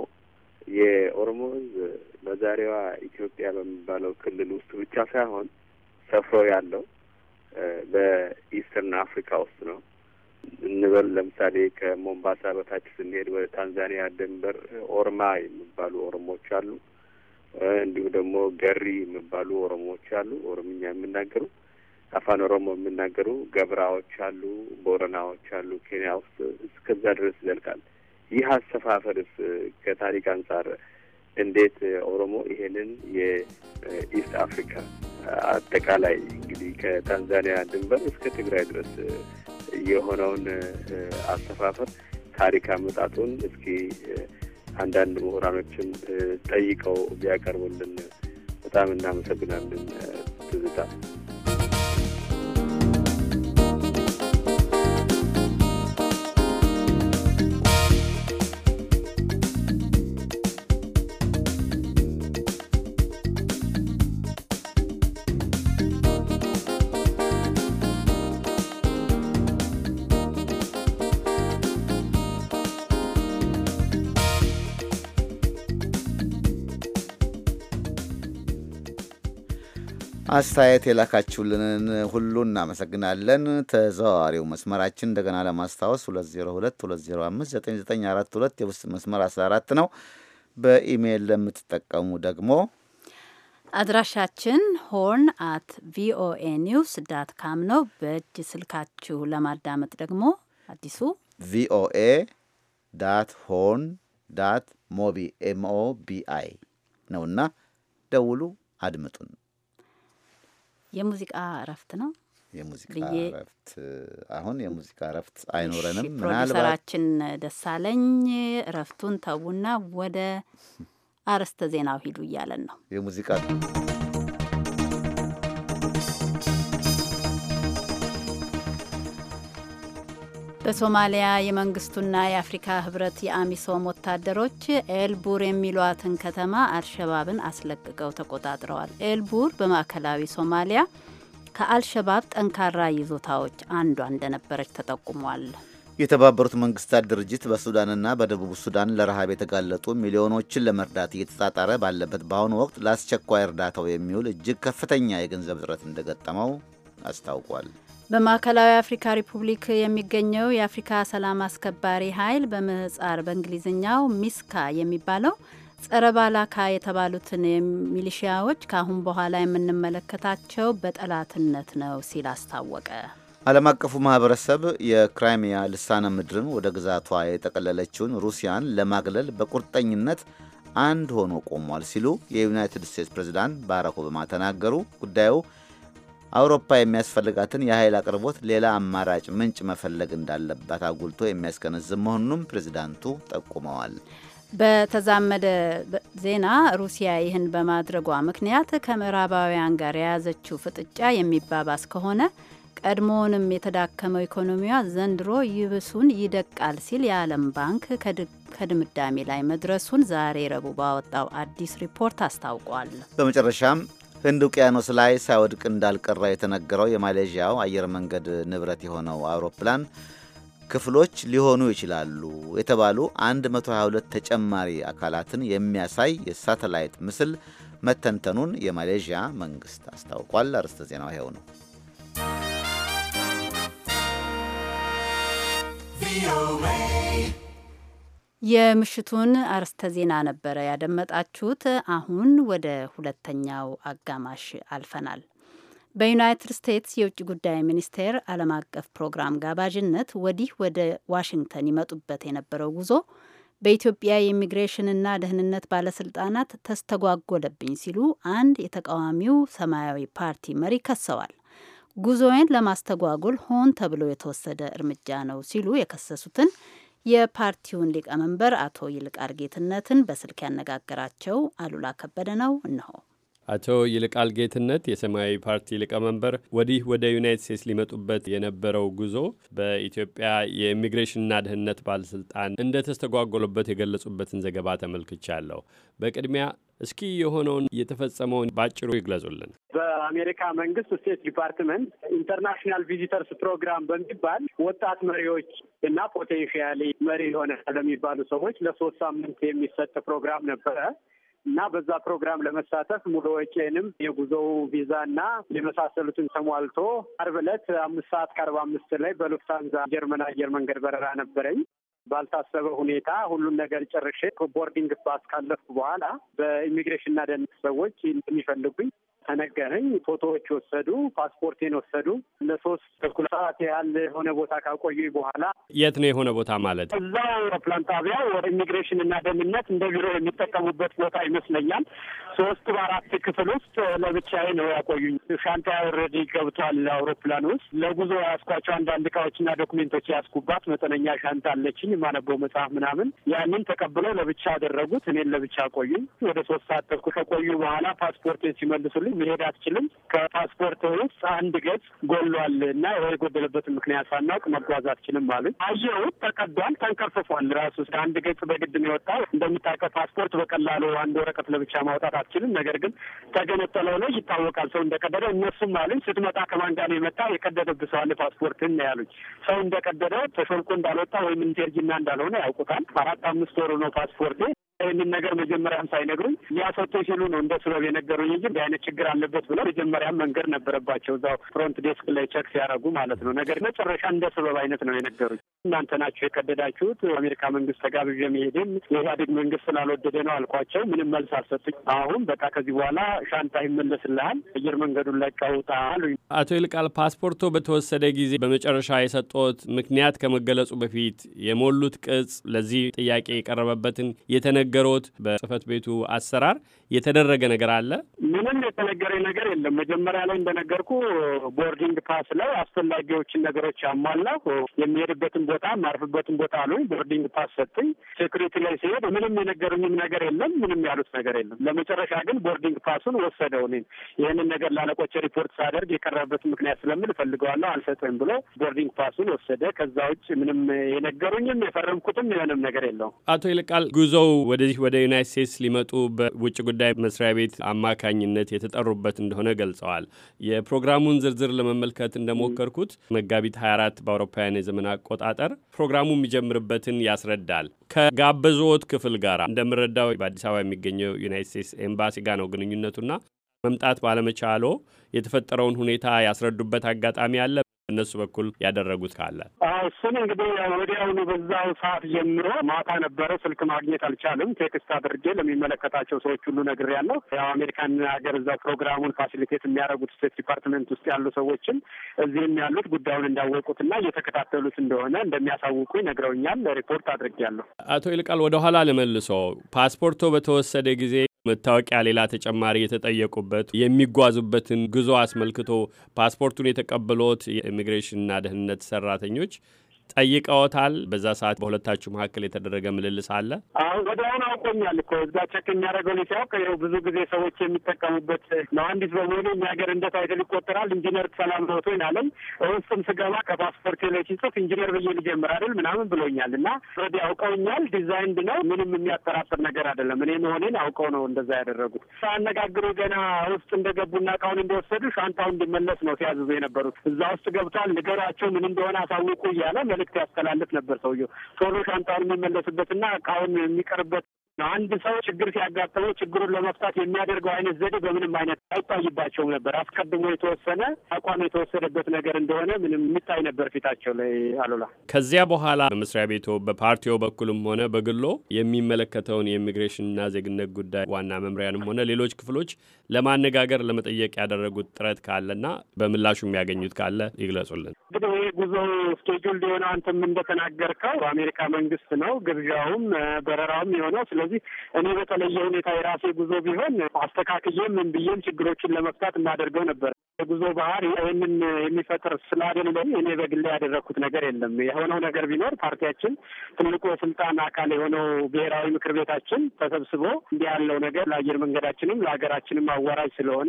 የኦሮሞ ህዝብ በዛሬዋ ኢትዮጵያ በሚባለው ክልል ውስጥ ብቻ ሳይሆን ሰፍሮ ያለው በኢስተርን አፍሪካ ውስጥ ነው እንበል ለምሳሌ ከሞምባሳ በታች ስንሄድ ወደ ታንዛኒያ ድንበር ኦርማ የሚባሉ ኦሮሞዎች አሉ። እንዲሁ ደግሞ ገሪ የሚባሉ ኦሮሞዎች አሉ፣ ኦሮምኛ የሚናገሩ አፋን ኦሮሞ የሚናገሩ ገብራዎች አሉ፣ ቦረናዎች አሉ። ኬንያ ውስጥ እስከዛ ድረስ ይዘልቃል። ይህ አሰፋፈርስ ከታሪክ አንጻር እንዴት ኦሮሞ ይሄንን የኢስት አፍሪካ አጠቃላይ እንግዲህ ከታንዛኒያ ድንበር እስከ ትግራይ ድረስ የሆነውን አሰፋፈር ታሪክ አመጣቱን እስኪ አንዳንድ ምሁራኖችን ጠይቀው ቢያቀርቡልን በጣም እናመሰግናለን። ትዝታ አስተያየት የላካችሁልንን ሁሉ እናመሰግናለን። ተዘዋዋሪው መስመራችን እንደገና ለማስታወስ 2022059942 የውስጥ መስመር 14 ነው። በኢሜይል ለምትጠቀሙ ደግሞ አድራሻችን ሆርን አት ቪኦኤ ኒውስ ዳት ካም ነው። በእጅ ስልካችሁ ለማዳመጥ ደግሞ አዲሱ ቪኦኤ ዳት ሆርን ዳት ሞቢ ኤምኦቢአይ ነውና ደውሉ፣ አድምጡን። የሙዚቃ እረፍት ነው የሙዚቃ እረፍት አሁን የሙዚቃ እረፍት አይኖረንም። ፕሮዲሰራችን ደሳለኝ እረፍቱን ተዉና ወደ አርዕስተ ዜናው ሂዱ እያለን ነው የሙዚቃ በሶማሊያ የመንግስቱና የአፍሪካ ህብረት የአሚሶም ወታደሮች ኤልቡር የሚሏትን ከተማ አልሸባብን አስለቅቀው ተቆጣጥረዋል። ኤልቡር በማዕከላዊ ሶማሊያ ከአልሸባብ ጠንካራ ይዞታዎች አንዷ እንደነበረች ተጠቁሟል። የተባበሩት መንግስታት ድርጅት በሱዳንና በደቡብ ሱዳን ለረሃብ የተጋለጡ ሚሊዮኖችን ለመርዳት እየተጣጣረ ባለበት በአሁኑ ወቅት ለአስቸኳይ እርዳታው የሚውል እጅግ ከፍተኛ የገንዘብ እጥረት እንደገጠመው አስታውቋል። በማዕከላዊ አፍሪካ ሪፑብሊክ የሚገኘው የአፍሪካ ሰላም አስከባሪ ኃይል በምህጻር በእንግሊዝኛው ሚስካ የሚባለው ጸረ ባላካ የተባሉትን ሚሊሺያዎች ከአሁን በኋላ የምንመለከታቸው በጠላትነት ነው ሲል አስታወቀ። ዓለም አቀፉ ማህበረሰብ የክራይሚያ ልሳነ ምድርን ወደ ግዛቷ የጠቀለለችውን ሩሲያን ለማግለል በቁርጠኝነት አንድ ሆኖ ቆሟል ሲሉ የዩናይትድ ስቴትስ ፕሬዚዳንት ባራክ ኦባማ ተናገሩ። ጉዳዩ አውሮፓ የሚያስፈልጋትን የኃይል አቅርቦት ሌላ አማራጭ ምንጭ መፈለግ እንዳለባት አጉልቶ የሚያስገነዝብ መሆኑንም ፕሬዚዳንቱ ጠቁመዋል። በተዛመደ ዜና ሩሲያ ይህን በማድረጓ ምክንያት ከምዕራባውያን ጋር የያዘችው ፍጥጫ የሚባባስ ከሆነ ቀድሞውንም የተዳከመው ኢኮኖሚዋ ዘንድሮ ይብሱን ይደቃል ሲል የዓለም ባንክ ከድምዳሜ ላይ መድረሱን ዛሬ ረቡዕ ባወጣው አዲስ ሪፖርት አስታውቋል። በመጨረሻም ህንድ ውቅያኖስ ላይ ሳይወድቅ እንዳልቀረ የተነገረው የማሌዥያው አየር መንገድ ንብረት የሆነው አውሮፕላን ክፍሎች ሊሆኑ ይችላሉ የተባሉ 122 ተጨማሪ አካላትን የሚያሳይ የሳተላይት ምስል መተንተኑን የማሌዥያ መንግስት አስታውቋል። አርዕስተ ዜናው ይኸው ነው። ቪኦኤ የምሽቱን አርስተ ዜና ነበረ ያደመጣችሁት። አሁን ወደ ሁለተኛው አጋማሽ አልፈናል። በዩናይትድ ስቴትስ የውጭ ጉዳይ ሚኒስቴር ዓለም አቀፍ ፕሮግራም ጋባዥነት ወዲህ ወደ ዋሽንግተን ይመጡበት የነበረው ጉዞ በኢትዮጵያ የኢሚግሬሽንና ደህንነት ባለስልጣናት ተስተጓጎለብኝ ሲሉ አንድ የተቃዋሚው ሰማያዊ ፓርቲ መሪ ከሰዋል። ጉዞዬን ለማስተጓጎል ሆን ተብሎ የተወሰደ እርምጃ ነው ሲሉ የከሰሱትን የፓርቲውን ሊቀመንበር አቶ ይልቃል ጌትነትን በስልክ ያነጋገራቸው አሉላ ከበደ ነው። እነሆ። አቶ ይልቃል ጌትነት የሰማያዊ ፓርቲ ሊቀመንበር፣ ወዲህ ወደ ዩናይት ስቴትስ ሊመጡበት የነበረው ጉዞ በኢትዮጵያ የኢሚግሬሽንና ደህንነት ባለስልጣን እንደተስተጓጎለበት የገለጹበትን ዘገባ ተመልክቻለሁ። በቅድሚያ እስኪ የሆነውን የተፈጸመውን ባጭሩ ይግለጹልን። በአሜሪካ መንግስት ስቴት ዲፓርትመንት ኢንተርናሽናል ቪዚተርስ ፕሮግራም በሚባል ወጣት መሪዎች እና ፖቴንሽያሊ መሪ የሆነ ለሚባሉ ሰዎች ለሶስት ሳምንት የሚሰጥ ፕሮግራም ነበረ እና በዛ ፕሮግራም ለመሳተፍ ሙሉ ወጪንም የጉዞው ቪዛ እና የመሳሰሉትን ተሟልቶ አርብ ዕለት አምስት ሰዓት ከአርባ አምስት ላይ በሉፍታንዛ ጀርመን አየር መንገድ በረራ ነበረኝ። ባልታሰበ ሁኔታ ሁሉን ነገር ጨርሼ ቦርዲንግ ባስካለፍኩ በኋላ በኢሚግሬሽንና ደህንነት ሰዎች እንደሚፈልጉኝ ተነገረኝ። ፎቶዎች ወሰዱ፣ ፓስፖርቴን ወሰዱ። ለሶስት ተኩል ሰዓት ያህል የሆነ ቦታ ካቆዩ በኋላ የት ነው የሆነ ቦታ ማለት? እዛው አውሮፕላን ጣቢያ ወደ ኢሚግሬሽን እና ደህንነት እንደ ቢሮ የሚጠቀሙበት ቦታ ይመስለኛል። ሶስት በአራት ክፍል ውስጥ ለብቻዬ ነው ያቆዩኝ። ሻንጣ ኦልሬዲ ገብቷል አውሮፕላን ውስጥ። ለጉዞ ያስኳቸው አንዳንድ እቃዎችና ዶክሜንቶች ያስኩባት መጠነኛ ሻንጣ አለችኝ፣ የማነበው መጽሐፍ ምናምን። ያንን ተቀብለው ለብቻ አደረጉት፣ እኔን ለብቻ ቆዩኝ። ወደ ሶስት ሰዓት ተኩል ከቆዩ በኋላ ፓስፖርቴን ሲመልሱልኝ መሄድ አትችልም። ከፓስፖርት ውስጥ አንድ ገጽ ጎሏል እና ይሄ የጎደለበትን ምክንያት ሳናውቅ መጓዝ አትችልም አሉኝ። አየሁት። ተቀዷል፣ ተንከርፍፏል። ራሱ ስ አንድ ገጽ በግድ ነው የወጣው። እንደሚታወቀው ፓስፖርት በቀላሉ አንድ ወረቀት ለብቻ ማውጣት አትችልም። ነገር ግን ተገነጠለው ነው ይታወቃል። ሰው እንደቀደደ እነሱም አሉኝ። ስትመጣ ከማን ጋር ነው የመጣ የቀደደብህ ሰው አለ ፓስፖርትን ያሉኝ። ሰው እንደቀደደ ተሾልኮ እንዳልወጣ ወይም ኢንቴርጅና እንዳልሆነ ያውቁታል። አራት አምስት ወሩ ነው ፓስፖርቴ ይህንን ነገር መጀመሪያም ሳይነግሩኝ ሊያፈቱ ሲሉ ነው እንደ ስበብ የነገሩኝ እንጂ እንዲህ አይነት ችግር አለበት ብለው መጀመሪያም መንገድ ነበረባቸው እዛው ፍሮንት ዴስክ ላይ ቸክ ሲያደርጉ ማለት ነው። ነገር መጨረሻ እንደ ስበብ አይነት ነው የነገሩኝ። እናንተ ናቸው የቀደዳችሁት፣ አሜሪካ መንግስት ተጋብዤ መሄድም የኢህአዴግ መንግስት ስላልወደደ ነው አልኳቸው። ምንም መልስ አልሰጡኝ። አሁን በቃ ከዚህ በኋላ ሻንጣ ይመለስልሃል፣ አየር መንገዱን ለቀህ ውጣ አሉኝ። አቶ ይልቃል ፓስፖርቶ በተወሰደ ጊዜ በመጨረሻ የሰጡት ምክንያት ከመገለጹ በፊት የሞሉት ቅጽ ለዚህ ጥያቄ የቀረበበትን የተነ ነገሮት በጽህፈት ቤቱ አሰራር የተደረገ ነገር አለ? ምንም የተነገረ ነገር የለም። መጀመሪያ ላይ እንደነገርኩ ቦርዲንግ ፓስ ላይ አስፈላጊዎችን ነገሮች ያሟላሁ የሚሄድበትን ቦታ ማርፍበትን ቦታ አሉኝ። ቦርዲንግ ፓስ ሰጥኝ። ሴኩሪቲ ላይ ሲሄድ ምንም የነገሩኝም ነገር የለም። ምንም ያሉት ነገር የለም። ለመጨረሻ ግን ቦርዲንግ ፓሱን ወሰደው። እኔን ይህንን ነገር ላለቆች ሪፖርት ሳደርግ የቀረበት ምክንያት ስለምል እፈልገዋለሁ አልሰጥህም ብሎ ቦርዲንግ ፓሱን ወሰደ። ከዛ ውጭ ምንም የነገሩኝም የፈረምኩትም የሆነም ነገር የለውም። አቶ ይልቃል ጉዞው ወደ ወደዚህ ወደ ዩናይት ስቴትስ ሊመጡ በውጭ ጉዳይ መስሪያ ቤት አማካኝነት የተጠሩበት እንደሆነ ገልጸዋል። የፕሮግራሙን ዝርዝር ለመመልከት እንደሞከርኩት መጋቢት 24 በአውሮፓውያን የዘመን አቆጣጠር ፕሮግራሙ የሚጀምርበትን ያስረዳል። ከጋበዞት ክፍል ጋር እንደምረዳው በአዲስ አበባ የሚገኘው ዩናይት ስቴትስ ኤምባሲ ጋር ነው ግንኙነቱና መምጣት ባለመቻሎ የተፈጠረውን ሁኔታ ያስረዱበት አጋጣሚ አለ። እነሱ በኩል ያደረጉት ካለ እሱን እንግዲህ ወዲያውኑ በዛው ሰዓት ጀምሮ ማታ ነበረ። ስልክ ማግኘት አልቻልም። ቴክስት አድርጌ ለሚመለከታቸው ሰዎች ሁሉ ነግሬያለሁ። ያው አሜሪካን ሀገር እዛ ፕሮግራሙን ፋሲሊቴት የሚያደርጉት ስቴት ዲፓርትመንት ውስጥ ያሉ ሰዎችም እዚህም ያሉት ጉዳዩን እንዳወቁትና እየተከታተሉት እንደሆነ እንደሚያሳውቁ ነግረውኛል። ሪፖርት አድርጌያለሁ። አቶ ይልቃል ወደኋላ ልመልሶ ፓስፖርቶ በተወሰደ ጊዜ መታወቂያ ሌላ ተጨማሪ የተጠየቁበት የሚጓዙበትን ጉዞ አስመልክቶ ፓስፖርቱን የተቀበሎት የኢሚግሬሽንና ደህንነት ሰራተኞች ጠይቀውታል? በዛ ሰዓት በሁለታችሁ መካከል የተደረገ ምልልስ አለ? አሁን ወዲያውኑ አውቆኛል እኮ እዛ ቸክ የሚያደርገው ሲያውቅ፣ ይኸው ብዙ ጊዜ ሰዎች የሚጠቀሙበት መሀንዲስ በመሆኑ የሚያገር እንደ ታይትል ይቆጠራል። ኢንጂነር ሰላም ኖቶኝ አለኝ። ውስጥም ስገባ ከፓስፖርት ላይ ሲጽፍ ኢንጂነር ብዬ ልጀምር አይደል ምናምን ብሎኛል። እና ረዲ አውቀውኛል። ዲዛይንድ ነው ምንም የሚያጠራጥር ነገር አይደለም። እኔ መሆኔን አውቀው ነው እንደዛ ያደረጉት። ሳያነጋግሩ ገና ውስጥ እንደገቡና እቃውን እንደወሰዱ ሻንጣው እንዲመለስ ነው ሲያዝዙ የነበሩት። እዛ ውስጥ ገብቷል፣ ንገሯቸው ምን እንደሆነ አሳውቁ እያለ መልእክት ያስተላልፍ ነበር። ሰውየው ቶሎ ሻንጣውን የሚመለስበትና እቃውን የሚቀርበት አንድ ሰው ችግር ሲያጋጥመው ችግሩን ለመፍታት የሚያደርገው አይነት ዘዴ በምንም አይነት አይታይባቸውም ነበር። አስቀድሞ የተወሰነ አቋም የተወሰደበት ነገር እንደሆነ ምንም የሚታይ ነበር ፊታቸው ላይ አሉላ። ከዚያ በኋላ በመስሪያ ቤቶ በፓርቲው በኩልም ሆነ በግሎ የሚመለከተውን የኢሚግሬሽንና ዜግነት ጉዳይ ዋና መምሪያንም ሆነ ሌሎች ክፍሎች ለማነጋገር ለመጠየቅ ያደረጉት ጥረት ካለና በምላሹ የሚያገኙት ካለ ይግለጹልን። እንግዲህ ይህ ጉዞ ስኬጁል ሊሆነ አንተም እንደተናገርከው አሜሪካ መንግስት ነው ግብዣውም በረራውም የሆነው ስለ ስለዚህ እኔ በተለየ ሁኔታ የራሴ ጉዞ ቢሆን አስተካክዬም ምን ብዬም ችግሮችን ለመፍታት እናደርገው ነበር። የጉዞ ባህር ይህንን የሚፈጥር ስላደለ እኔ በግሌ ያደረግኩት ነገር የለም። የሆነው ነገር ቢኖር ፓርቲያችን ትልቁ የስልጣን አካል የሆነው ብሔራዊ ምክር ቤታችን ተሰብስቦ እንዲህ ያለው ነገር ለአየር መንገዳችንም ለሀገራችንም አዋራጅ ስለሆነ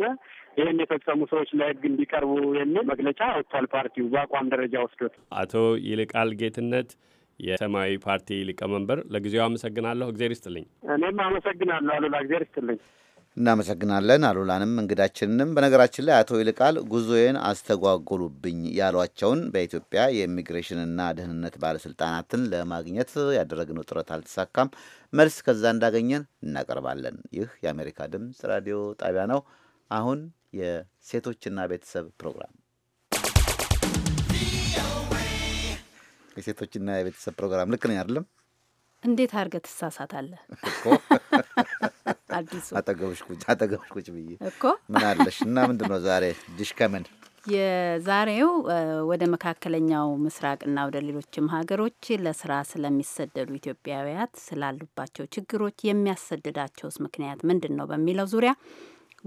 ይህን የፈጸሙ ሰዎች ለህግ እንዲቀርቡ የሚል መግለጫ ወጥቷል። ፓርቲው በአቋም ደረጃ ወስዶት አቶ ይልቃል ጌትነት የሰማያዊ ፓርቲ ሊቀመንበር፣ ለጊዜው አመሰግናለሁ። እግዜር ይስጥልኝ። እኔም አመሰግናለሁ አሉላ፣ እግዜር ይስጥልኝ። እናመሰግናለን አሉላንም እንግዳችንንም። በነገራችን ላይ አቶ ይልቃል ጉዞዬን አስተጓጎሉብኝ ያሏቸውን በኢትዮጵያ የኢሚግሬሽንና ደህንነት ባለስልጣናትን ለማግኘት ያደረግነው ጥረት አልተሳካም። መልስ ከዛ እንዳገኘን እናቀርባለን። ይህ የአሜሪካ ድምፅ ራዲዮ ጣቢያ ነው። አሁን የሴቶችና ቤተሰብ ፕሮግራም የሴቶችና የቤተሰብ ፕሮግራም ልክ ነኝ አይደለም? እንዴት አድርገህ ትሳሳታለህ? [laughs] አዲሱ አጠገብሽ ቁጭ አጠገብሽ ቁጭ ብዬ እኮ ምን አለሽ እና ምንድን ነው ዛሬ ድሽ ከምን የዛሬው ወደ መካከለኛው ምስራቅና ወደ ሌሎችም ሀገሮች ለስራ ስለሚሰደዱ ኢትዮጵያውያት ስላሉባቸው ችግሮች የሚያሰድዳቸውስ ምክንያት ምንድን ነው በሚለው ዙሪያ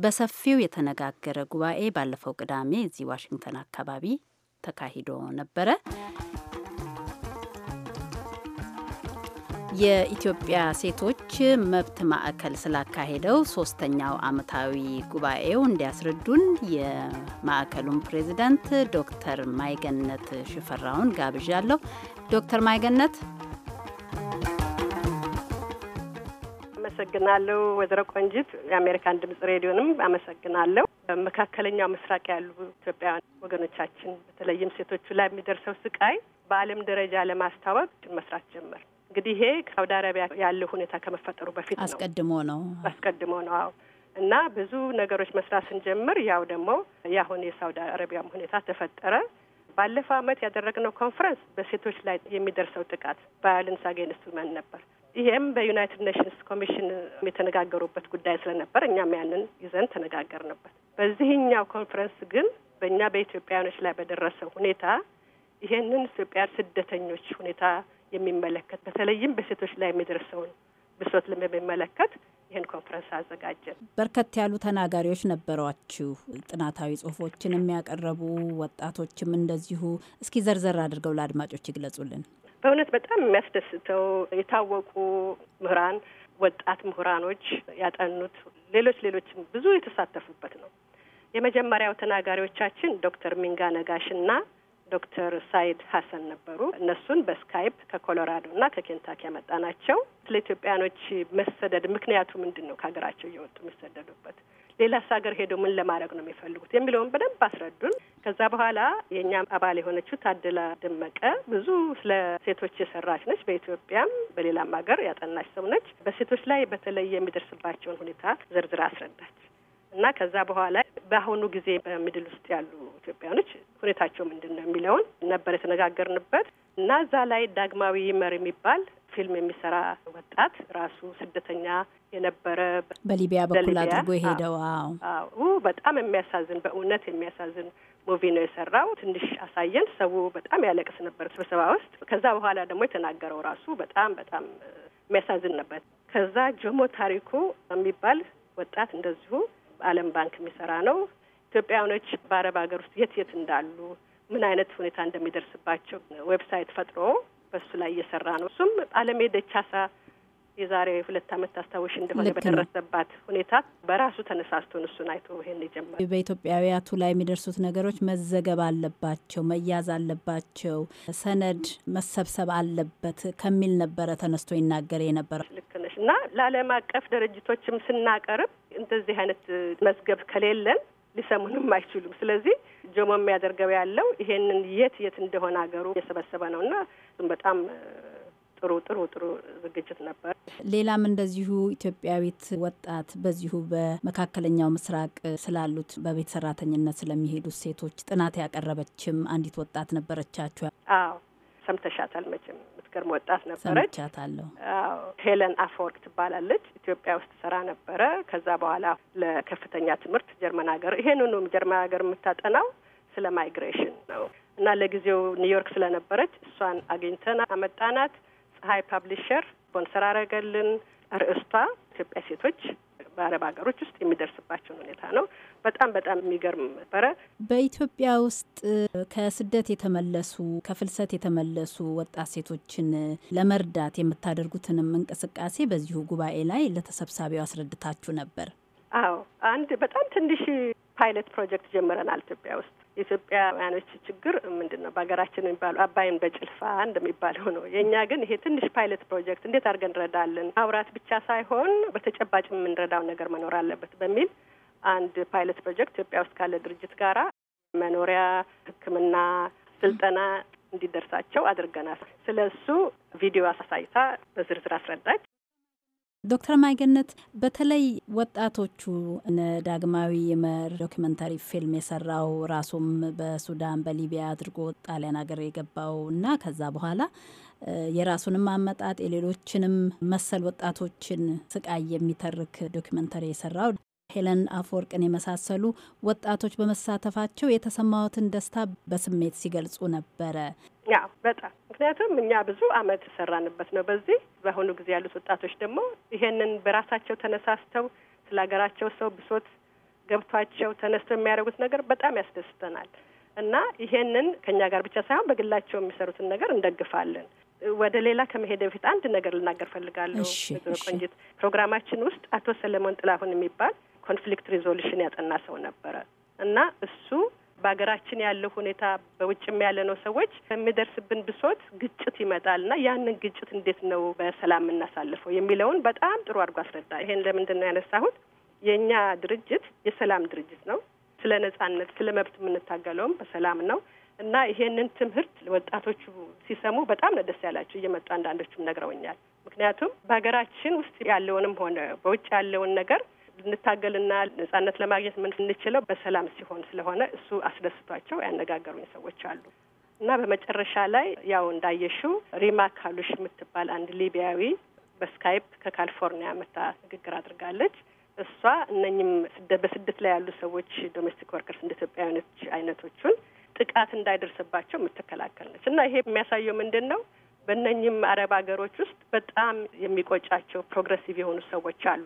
በሰፊው የተነጋገረ ጉባኤ ባለፈው ቅዳሜ እዚህ ዋሽንግተን አካባቢ ተካሂዶ ነበረ። የኢትዮጵያ ሴቶች መብት ማዕከል ስላካሄደው ሶስተኛው ዓመታዊ ጉባኤው እንዲያስረዱን የማዕከሉን ፕሬዚዳንት ዶክተር ማይገነት ሽፈራውን ጋብዣለሁ። ዶክተር ማይገነት አመሰግናለሁ። ወይዘሮ ቆንጂት የአሜሪካን ድምጽ ሬዲዮንም አመሰግናለሁ። መካከለኛው ምስራቅ ያሉ ኢትዮጵያውያን ወገኖቻችን በተለይም ሴቶቹ ላይ የሚደርሰው ስቃይ በዓለም ደረጃ ለማስታወቅ መስራት ጀመር። እንግዲህ ይሄ ሳውዲ አረቢያ ያለው ሁኔታ ከመፈጠሩ በፊት ነው፣ አስቀድሞ ነው፣ አስቀድሞ ነው። አዎ። እና ብዙ ነገሮች መስራት ስንጀምር ያው ደግሞ ያሁን የሳውዲ አረቢያም ሁኔታ ተፈጠረ። ባለፈው አመት ያደረግነው ኮንፈረንስ በሴቶች ላይ የሚደርሰው ጥቃት ቫዮለንስ አጌንስት ውመን ነበር። ይሄም በዩናይትድ ኔሽንስ ኮሚሽን የተነጋገሩበት ጉዳይ ስለነበር እኛም ያንን ይዘን ተነጋገርንበት። በዚህኛው ኮንፈረንስ ግን በእኛ በኢትዮጵያውያኖች ላይ በደረሰው ሁኔታ ይሄንን ኢትዮጵያ ስደተኞች ሁኔታ የሚመለከት በተለይም በሴቶች ላይ የሚደርሰውን ብሶት ለሚመለከት ይህን ኮንፈረንስ አዘጋጀን። በርከት ያሉ ተናጋሪዎች ነበሯችሁ፣ ጥናታዊ ጽሁፎችን የሚያቀረቡ ወጣቶችም እንደዚሁ። እስኪ ዘርዘር አድርገው ለአድማጮች ይግለጹልን። በእውነት በጣም የሚያስደስተው የታወቁ ምሁራን፣ ወጣት ምሁራኖች ያጠኑት ሌሎች ሌሎችም ብዙ የተሳተፉበት ነው። የመጀመሪያው ተናጋሪዎቻችን ዶክተር ሚንጋ ነጋሽ እና ዶክተር ሳይድ ሀሰን ነበሩ። እነሱን በስካይፕ ከኮሎራዶ እና ከኬንታኪ ያመጣ ናቸው። ኢትዮጵያኖች መሰደድ ምክንያቱ ምንድን ነው? ከሀገራቸው እየወጡ የሚሰደዱበት ሌላስ ሀገር ሄደው ምን ለማድረግ ነው የሚፈልጉት የሚለውን በደንብ አስረዱን። ከዛ በኋላ የእኛ አባል የሆነችው ታደላ ደመቀ ብዙ ስለ ሴቶች የሰራች ነች። በኢትዮጵያም በሌላም ሀገር ያጠናች ሰው ነች። በሴቶች ላይ በተለይ የሚደርስባቸውን ሁኔታ ዝርዝር አስረዳች። እና ከዛ በኋላ በአሁኑ ጊዜ በሚድል ውስጥ ያሉ ኢትዮጵያኖች ሁኔታቸው ምንድን ነው የሚለውን ነበር የተነጋገርንበት እና እዛ ላይ ዳግማዊ መር የሚባል ፊልም የሚሰራ ወጣት ራሱ ስደተኛ የነበረ በሊቢያ በኩል አድርጎ የሄደው አዎ፣ በጣም የሚያሳዝን በእውነት የሚያሳዝን ሙቪ ነው የሰራው። ትንሽ አሳየን። ሰው በጣም ያለቅስ ነበር ስብሰባ ውስጥ። ከዛ በኋላ ደግሞ የተናገረው ራሱ በጣም በጣም የሚያሳዝን ነበር። ከዛ ጆሞ ታሪኩ የሚባል ወጣት እንደዚሁ ዓለም ባንክ የሚሰራ ነው። ኢትዮጵያውያኖች በአረብ ሀገር ውስጥ የት የት እንዳሉ ምን አይነት ሁኔታ እንደሚደርስባቸው ዌብሳይት ፈጥሮ በሱ ላይ እየሰራ ነው። እሱም አለሜ ደቻሳ የዛሬ ሁለት ዓመት ታስታወሽ እንደሆነ በደረሰባት ሁኔታ በራሱ ተነሳስቶን እሱን አይቶ ይሄን የጀመረ በኢትዮጵያውያቱ ላይ የሚደርሱት ነገሮች መዘገብ አለባቸው፣ መያዝ አለባቸው፣ ሰነድ መሰብሰብ አለበት ከሚል ነበረ ተነስቶ ይናገር የነበረው። ልክ ነሽ። እና ለአለም አቀፍ ድርጅቶችም ስናቀርብ እንደዚህ አይነት መዝገብ ከሌለን ሊሰሙንም አይችሉም። ስለዚህ ጆሞ የሚያደርገው ያለው ይሄንን የት የት እንደሆነ ሀገሩ እየሰበሰበ ነው እና በጣም ጥሩ ጥሩ ጥሩ ዝግጅት ነበር። ሌላም እንደዚሁ ኢትዮጵያዊት ወጣት በዚሁ በመካከለኛው ምስራቅ ስላሉት በቤት ሰራተኝነት ስለሚሄዱት ሴቶች ጥናት ያቀረበችም አንዲት ወጣት ነበረቻችሁ። አዎ ሰምተሻታል መቼም። የምትገርም ወጣት ነበረች። ሰምቻታለሁ። ሄለን አፈወርቅ ትባላለች። ኢትዮጵያ ውስጥ ስራ ነበረ። ከዛ በኋላ ለከፍተኛ ትምህርት ጀርመን ሀገር ይሄንኑም ጀርመን ሀገር የምታጠናው ስለ ማይግሬሽን ነው እና ለጊዜው ኒውዮርክ ስለነበረች እሷን አግኝተን አመጣናት። ፀሐይ ፐብሊሸር ስፖንሰር አረገልን። ርዕስቷ የኢትዮጵያ ሴቶች በአረብ ሀገሮች ውስጥ የሚደርስባቸውን ሁኔታ ነው። በጣም በጣም የሚገርም ነበረ። በኢትዮጵያ ውስጥ ከስደት የተመለሱ ከፍልሰት የተመለሱ ወጣት ሴቶችን ለመርዳት የምታደርጉትንም እንቅስቃሴ በዚሁ ጉባኤ ላይ ለተሰብሳቢው አስረድታችሁ ነበር። አዎ፣ አንድ በጣም ትንሽ ፓይለት ፕሮጀክት ጀምረናል ኢትዮጵያ ውስጥ የኢትዮጵያውያኖች ችግር ምንድን ነው? በሀገራችን የሚባሉ አባይን በጭልፋ እንደሚባለው ነው። የእኛ ግን ይሄ ትንሽ ፓይለት ፕሮጀክት እንዴት አድርገን እንረዳለን፣ አውራት ብቻ ሳይሆን በተጨባጭ የምንረዳውን ነገር መኖር አለበት በሚል አንድ ፓይለት ፕሮጀክት ኢትዮጵያ ውስጥ ካለ ድርጅት ጋራ መኖሪያ፣ ሕክምና፣ ስልጠና እንዲደርሳቸው አድርገናል። ስለ እሱ ቪዲዮ አሳይታ በዝርዝር አስረዳች። ዶክተር ማይገነት በተለይ ወጣቶቹ ዳግማዊ የመር ዶኪመንታሪ ፊልም የሰራው ራሱም በሱዳን በሊቢያ አድርጎ ጣሊያን ሀገር የገባው እና ከዛ በኋላ የራሱንም አመጣጥ የሌሎችንም መሰል ወጣቶችን ስቃይ የሚተርክ ዶኪመንታሪ የሰራው ሄለን አፈወርቅን የመሳሰሉ ወጣቶች በመሳተፋቸው የተሰማዎትን ደስታ በስሜት ሲገልጹ ነበረ። ያው በጣም ምክንያቱም እኛ ብዙ አመት ሰራንበት ነው በዚህ በአሁኑ ጊዜ ያሉት ወጣቶች ደግሞ ይሄንን በራሳቸው ተነሳስተው ስለ ሀገራቸው ሰው ብሶት ገብቷቸው ተነስተው የሚያደርጉት ነገር በጣም ያስደስተናል እና ይሄንን ከእኛ ጋር ብቻ ሳይሆን በግላቸው የሚሰሩትን ነገር እንደግፋለን። ወደ ሌላ ከመሄደ በፊት አንድ ነገር ልናገር ፈልጋለሁ። ወይዘሮ ፕሮግራማችን ውስጥ አቶ ሰለሞን ጥላሁን የሚባል ኮንፍሊክት ሪዞሉሽን ያጠና ሰው ነበረ እና እሱ በሀገራችን ያለው ሁኔታ በውጭም ያለ ነው ሰዎች በሚደርስብን ብሶት ግጭት ይመጣል እና ያንን ግጭት እንዴት ነው በሰላም የምናሳልፈው የሚለውን በጣም ጥሩ አድርጎ አስረዳ። ይሄን ለምንድን ነው ያነሳሁት? የእኛ ድርጅት የሰላም ድርጅት ነው። ስለ ነጻነት፣ ስለ መብት የምንታገለውም በሰላም ነው እና ይሄንን ትምህርት ወጣቶቹ ሲሰሙ በጣም ነው ደስ ያላቸው። እየመጡ አንዳንዶቹም ነግረውኛል። ምክንያቱም በሀገራችን ውስጥ ያለውንም ሆነ በውጭ ያለውን ነገር ልንታገልና ነጻነት ለማግኘት የምንችለው በሰላም ሲሆን ስለሆነ እሱ አስደስቷቸው ያነጋገሩኝ ሰዎች አሉ እና በመጨረሻ ላይ ያው እንዳየሽው ሪማ ካሉሽ የምትባል አንድ ሊቢያዊ በስካይፕ ከካሊፎርኒያ መታ ንግግር አድርጋለች። እሷ እነኝም በስደት ላይ ያሉ ሰዎች ዶሜስቲክ ወርከርስ እንደ ኢትዮጵያውያኖች አይነቶቹን ጥቃት እንዳይደርስባቸው የምትከላከል ነች እና ይሄ የሚያሳየው ምንድን ነው? በእነኝም አረብ ሀገሮች ውስጥ በጣም የሚቆጫቸው ፕሮግረሲቭ የሆኑ ሰዎች አሉ።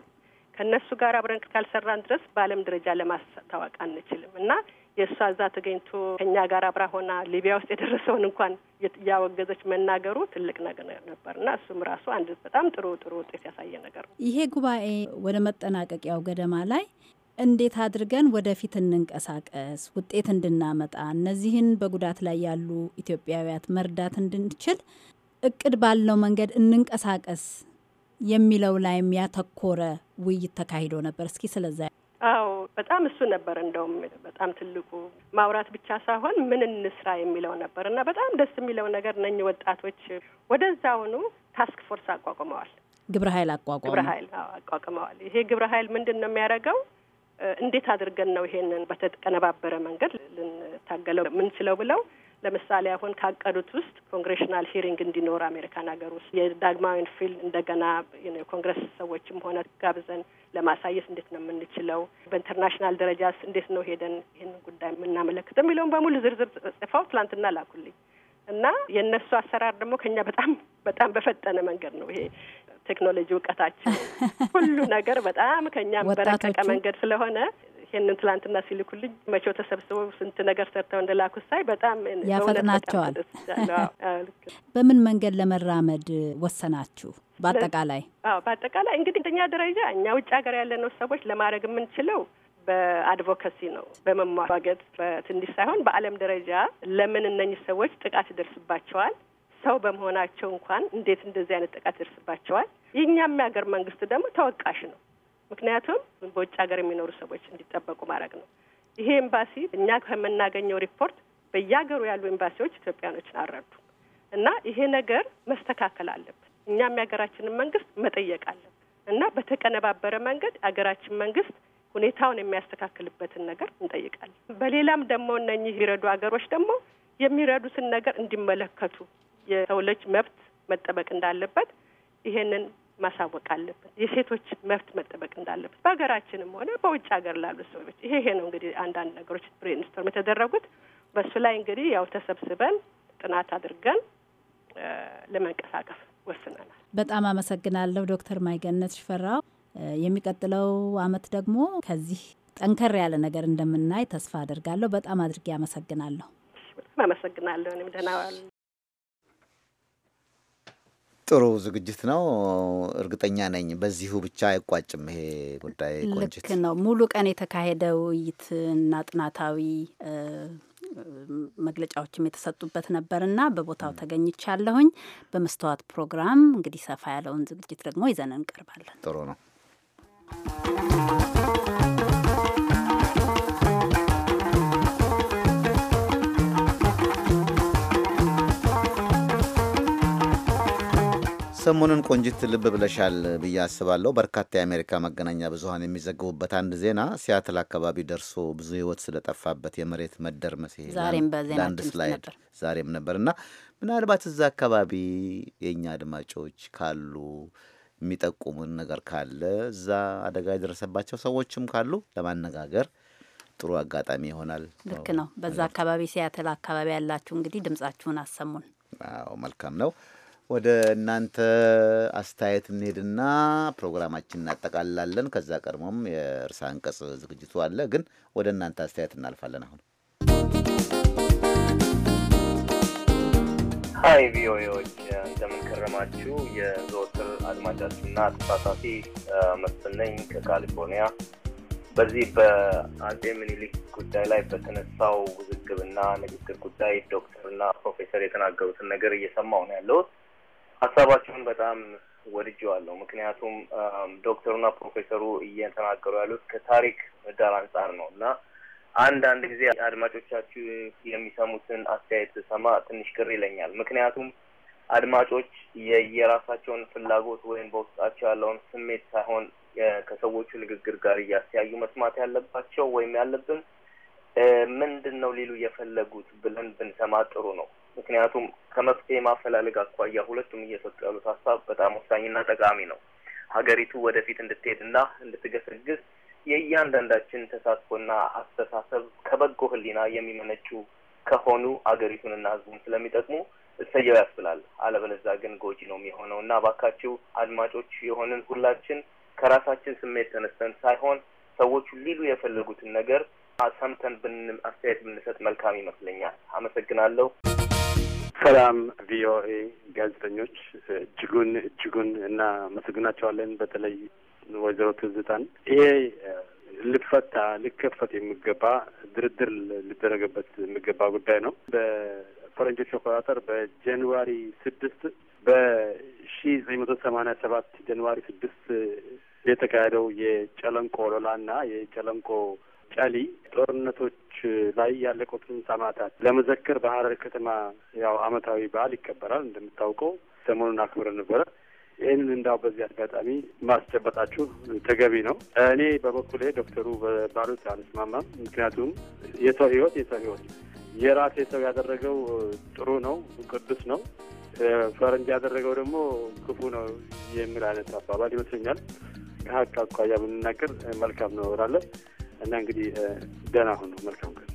ከእነሱ ጋር አብረን ካልሰራን ድረስ በዓለም ደረጃ ለማስታወቅ አንችልም እና የእሷ እዛ ተገኝቶ ከእኛ ጋር አብራ ሆና ሊቢያ ውስጥ የደረሰውን እንኳን እያወገዘች መናገሩ ትልቅ ነገር ነበር እና እሱም ራሱ አንድ በጣም ጥሩ ጥሩ ውጤት ያሳየ ነገር ነው። ይሄ ጉባኤ ወደ መጠናቀቂያው ገደማ ላይ እንዴት አድርገን ወደፊት እንንቀሳቀስ፣ ውጤት እንድናመጣ፣ እነዚህን በጉዳት ላይ ያሉ ኢትዮጵያውያት መርዳት እንድንችል እቅድ ባለው መንገድ እንንቀሳቀስ የሚለው ላይም ያተኮረ ውይይት ተካሂዶ ነበር። እስኪ ስለዛ አዎ በጣም እሱ ነበር እንደውም በጣም ትልቁ ማውራት ብቻ ሳይሆን ምን እንስራ የሚለው ነበር እና በጣም ደስ የሚለው ነገር እነኚህ ወጣቶች ወደዛውኑ ታስክ ፎርስ አቋቁመዋል። ግብረ ኃይል አቋቁመዋል። ግብረ ኃይል አቋቁመዋል። ይሄ ግብረ ኃይል ምንድን ነው የሚያደርገው? እንዴት አድርገን ነው ይሄንን በተቀነባበረ መንገድ ልንታገለው ምንችለው ብለው ለምሳሌ አሁን ካቀዱት ውስጥ ኮንግሬሽናል ሂሪንግ እንዲኖር አሜሪካን ሀገር ውስጥ የዳግማዊን ፊልም እንደገና የኮንግረስ ሰዎችም ሆነ ጋብዘን ለማሳየት እንዴት ነው የምንችለው፣ በኢንተርናሽናል ደረጃስ እንዴት ነው ሄደን ይህን ጉዳይ የምናመለክተው የሚለውን በሙሉ ዝርዝር ጽፈው ትላንትና ላኩልኝ። እና የእነሱ አሰራር ደግሞ ከኛ በጣም በጣም በፈጠነ መንገድ ነው። ይሄ ቴክኖሎጂ እውቀታችን [laughs] ሁሉ ነገር በጣም ከኛ በረቀቀ መንገድ ስለሆነ ይህንን ትላንትና ሲልኩልኝ መቼው ተሰብስበው ስንት ነገር ሰርተው እንደላኩ ሳይ በጣም ያፈጥናቸዋል። በምን መንገድ ለመራመድ ወሰናችሁ? በአጠቃላይ አዎ፣ በአጠቃላይ እንግዲህ አንደኛ ደረጃ እኛ ውጭ ሀገር ያለነው ሰዎች ለማድረግ የምንችለው በአድቮካሲ ነው። በመሟገት በትንሽ ሳይሆን በዓለም ደረጃ ለምን እነኚህ ሰዎች ጥቃት ይደርስባቸዋል? ሰው በመሆናቸው እንኳን እንዴት እንደዚህ አይነት ጥቃት ይደርስባቸዋል? የእኛም የሀገር መንግስት ደግሞ ተወቃሽ ነው። ምክንያቱም በውጭ ሀገር የሚኖሩ ሰዎች እንዲጠበቁ ማድረግ ነው። ይሄ ኤምባሲ እኛ ከምናገኘው ሪፖርት በየሀገሩ ያሉ ኤምባሲዎች ኢትዮጵያኖችን አረዱ እና ይሄ ነገር መስተካከል አለብን። እኛም የሀገራችንን መንግስት መጠየቅ አለብን እና በተቀነባበረ መንገድ የሀገራችን መንግስት ሁኔታውን የሚያስተካክልበትን ነገር እንጠይቃለን። በሌላም ደግሞ እነኚህ ይረዱ ሀገሮች ደግሞ የሚረዱትን ነገር እንዲመለከቱ የሰው ልጅ መብት መጠበቅ እንዳለበት ይሄንን ማሳወቅ አለበት። የሴቶች መብት መጠበቅ እንዳለበት በሀገራችንም ሆነ በውጭ ሀገር ላሉ ሰዎች ይሄ ይሄ ነው እንግዲህ አንዳንድ ነገሮች ብሬንስቶርም የተደረጉት በእሱ ላይ እንግዲህ ያው ተሰብስበን ጥናት አድርገን ለመንቀሳቀስ ወስነናል። በጣም አመሰግናለሁ ዶክተር ማይገነት ሽፈራው። የሚቀጥለው አመት ደግሞ ከዚህ ጠንከር ያለ ነገር እንደምናይ ተስፋ አድርጋለሁ። በጣም አድርጌ አመሰግናለሁ። በጣም አመሰግናለሁ። እኔም ደህና ዋሉ። ጥሩ ዝግጅት ነው። እርግጠኛ ነኝ በዚሁ ብቻ አይቋጭም ይሄ ጉዳይ። ልክ ነው። ሙሉ ቀን የተካሄደ ውይይትና ጥናታዊ መግለጫዎችም የተሰጡበት ነበር እና በቦታው ተገኝቻለሁኝ። በመስተዋት ፕሮግራም እንግዲህ ሰፋ ያለውን ዝግጅት ደግሞ ይዘን እንቀርባለን። ጥሩ ነው። ሰሞኑን ቆንጅት ልብ ብለሻል ብዬ አስባለሁ። በርካታ የአሜሪካ መገናኛ ብዙኃን የሚዘግቡበት አንድ ዜና ሲያትል አካባቢ ደርሶ ብዙ ሕይወት ስለጠፋበት የመሬት መደር ለአንድ ስላይድ ዛሬም ነበር እና ምናልባት እዛ አካባቢ የእኛ አድማጮች ካሉ የሚጠቁሙን ነገር ካለ እዛ አደጋ የደረሰባቸው ሰዎችም ካሉ ለማነጋገር ጥሩ አጋጣሚ ይሆናል። ልክ ነው። በዛ አካባቢ ሲያትል አካባቢ ያላችሁ እንግዲህ ድምጻችሁን አሰሙን። አዎ መልካም ነው። ወደ እናንተ አስተያየት እንሄድና ፕሮግራማችን እናጠቃላለን ከዛ ቀድሞም የእርሳ አንቀጽ ዝግጅቱ አለ፣ ግን ወደ እናንተ አስተያየት እናልፋለን። አሁን ሀይ ቪኦኤዎች እንደምን ከረማችሁ? የዘወትር አድማጫችሁና ተሳታፊ መስፍን ነኝ ከካሊፎርኒያ። በዚህ በአጼ ምኒልክ ጉዳይ ላይ በተነሳው ውዝግብና ንግግር ጉዳይ ዶክተርና ፕሮፌሰር የተናገሩትን ነገር እየሰማሁ ነው ያለሁት። ሀሳባቸውን በጣም ወድጀዋለሁ። ምክንያቱም ዶክተሩና ፕሮፌሰሩ እየተናገሩ ያሉት ከታሪክ ምህዳር አንጻር ነው እና አንዳንድ ጊዜ አድማጮቻችሁ የሚሰሙትን አስተያየት ስሰማ ትንሽ ቅር ይለኛል። ምክንያቱም አድማጮች የየራሳቸውን ፍላጎት ወይም በውስጣቸው ያለውን ስሜት ሳይሆን ከሰዎቹ ንግግር ጋር እያስተያዩ መስማት ያለባቸው ወይም ያለብን ምንድን ነው ሊሉ የፈለጉት ብለን ብንሰማ ጥሩ ነው። ምክንያቱም ከመፍትሄ ማፈላለግ አኳያ ሁለቱም እየሰጡ ያሉት ሀሳብ በጣም ወሳኝና ጠቃሚ ነው። ሀገሪቱ ወደፊት እንድትሄድና እንድትገሰግስ የእያንዳንዳችን ተሳትፎና አስተሳሰብ ከበጎ ሕሊና የሚመነጩ ከሆኑ አገሪቱንና ሕዝቡን ስለሚጠቅሙ እሰየው ያስብላል። አለበለዛ ግን ጎጂ ነው የሚሆነው እና ባካችሁ አድማጮች የሆንን ሁላችን ከራሳችን ስሜት ተነስተን ሳይሆን ሰዎቹ ሊሉ የፈለጉትን ነገር ሰምተን ብን አስተያየት ብንሰጥ መልካም ይመስለኛል። አመሰግናለሁ። ሰላም ቪኦኤ ጋዜጠኞች እጅጉን እጅጉን እና መሰግናቸዋለን። በተለይ ወይዘሮ ትዝታን ይሄ ልፈታ ልከፈት የሚገባ ድርድር ሊደረግበት የሚገባ ጉዳይ ነው። በፈረንጆች አቆጣጠር በጃንዋሪ ስድስት በሺ ዘጠኝ መቶ ሰማኒያ ሰባት ጃንዋሪ ስድስት የተካሄደው የጨለንቆ ሎላ እና የጨለንቆ ጨሊ ጦርነቶች ላይ ያለቁትን ሰማዕታት ለመዘከር በሀረር ከተማ ያው አመታዊ በዓል ይከበራል። እንደምታውቀው ሰሞኑን አክብረን ነበረ። ይህንን እንዳው በዚህ አጋጣሚ ማስጨበጣችሁ ተገቢ ነው። እኔ በበኩሌ ዶክተሩ ባሉት አልስማማም። ምክንያቱም የሰው ህይወት የሰው ህይወት የራሴ ሰው ያደረገው ጥሩ ነው፣ ቅዱስ ነው። ፈረንጅ ያደረገው ደግሞ ክፉ ነው የሚል አይነት አባባል ይመስለኛል። ከሀቅ አኳያ ብንናገር መልካም ነው እላለሁ። እና እንግዲህ ደህና ሁኑ። መልካም ቀን።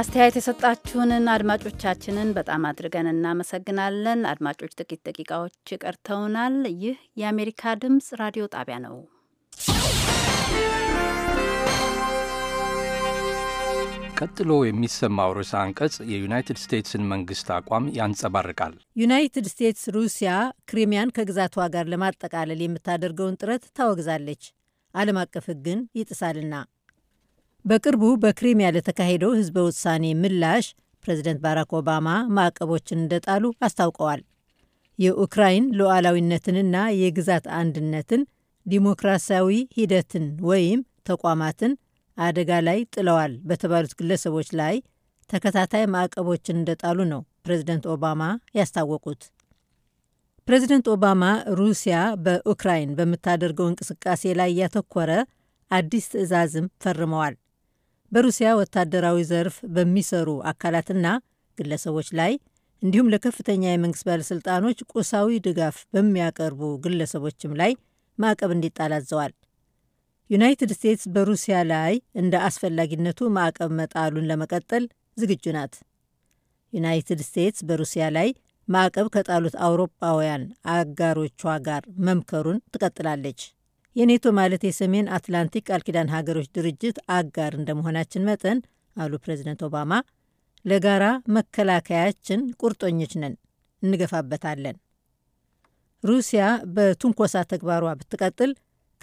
አስተያየት የሰጣችሁንን አድማጮቻችንን በጣም አድርገን እናመሰግናለን። አድማጮች ጥቂት ደቂቃዎች ቀርተውናል። ይህ የአሜሪካ ድምፅ ራዲዮ ጣቢያ ነው። ቀጥሎ የሚሰማው ርዕሰ አንቀጽ የዩናይትድ ስቴትስን መንግስት አቋም ያንጸባርቃል። ዩናይትድ ስቴትስ ሩሲያ ክሪሚያን ከግዛቷ ጋር ለማጠቃለል የምታደርገውን ጥረት ታወግዛለች፣ ዓለም አቀፍ ሕግን ይጥሳልና። በቅርቡ በክሪሚያ ለተካሄደው ህዝበ ውሳኔ ምላሽ ፕሬዚደንት ባራክ ኦባማ ማዕቀቦችን እንደጣሉ አስታውቀዋል። የኡክራይን ሉዓላዊነትንና የግዛት አንድነትን፣ ዲሞክራሲያዊ ሂደትን ወይም ተቋማትን አደጋ ላይ ጥለዋል በተባሉት ግለሰቦች ላይ ተከታታይ ማዕቀቦችን እንደጣሉ ነው ፕሬዚደንት ኦባማ ያስታወቁት። ፕሬዚደንት ኦባማ ሩሲያ በኡክራይን በምታደርገው እንቅስቃሴ ላይ ያተኮረ አዲስ ትዕዛዝም ፈርመዋል። በሩሲያ ወታደራዊ ዘርፍ በሚሰሩ አካላትና ግለሰቦች ላይ እንዲሁም ለከፍተኛ የመንግሥት ባለሥልጣኖች ቁሳዊ ድጋፍ በሚያቀርቡ ግለሰቦችም ላይ ማዕቀብ እንዲጣል አዘዋል። ዩናይትድ ስቴትስ በሩሲያ ላይ እንደ አስፈላጊነቱ ማዕቀብ መጣሉን ለመቀጠል ዝግጁ ናት። ዩናይትድ ስቴትስ በሩሲያ ላይ ማዕቀብ ከጣሉት አውሮፓውያን አጋሮቿ ጋር መምከሩን ትቀጥላለች። የኔቶ ማለት የሰሜን አትላንቲክ ቃል ኪዳን ሀገሮች ድርጅት አጋር እንደመሆናችን መጠን አሉ ፕሬዚደንት ኦባማ፣ ለጋራ መከላከያችን ቁርጠኞች ነን፣ እንገፋበታለን። ሩሲያ በትንኮሳ ተግባሯ ብትቀጥል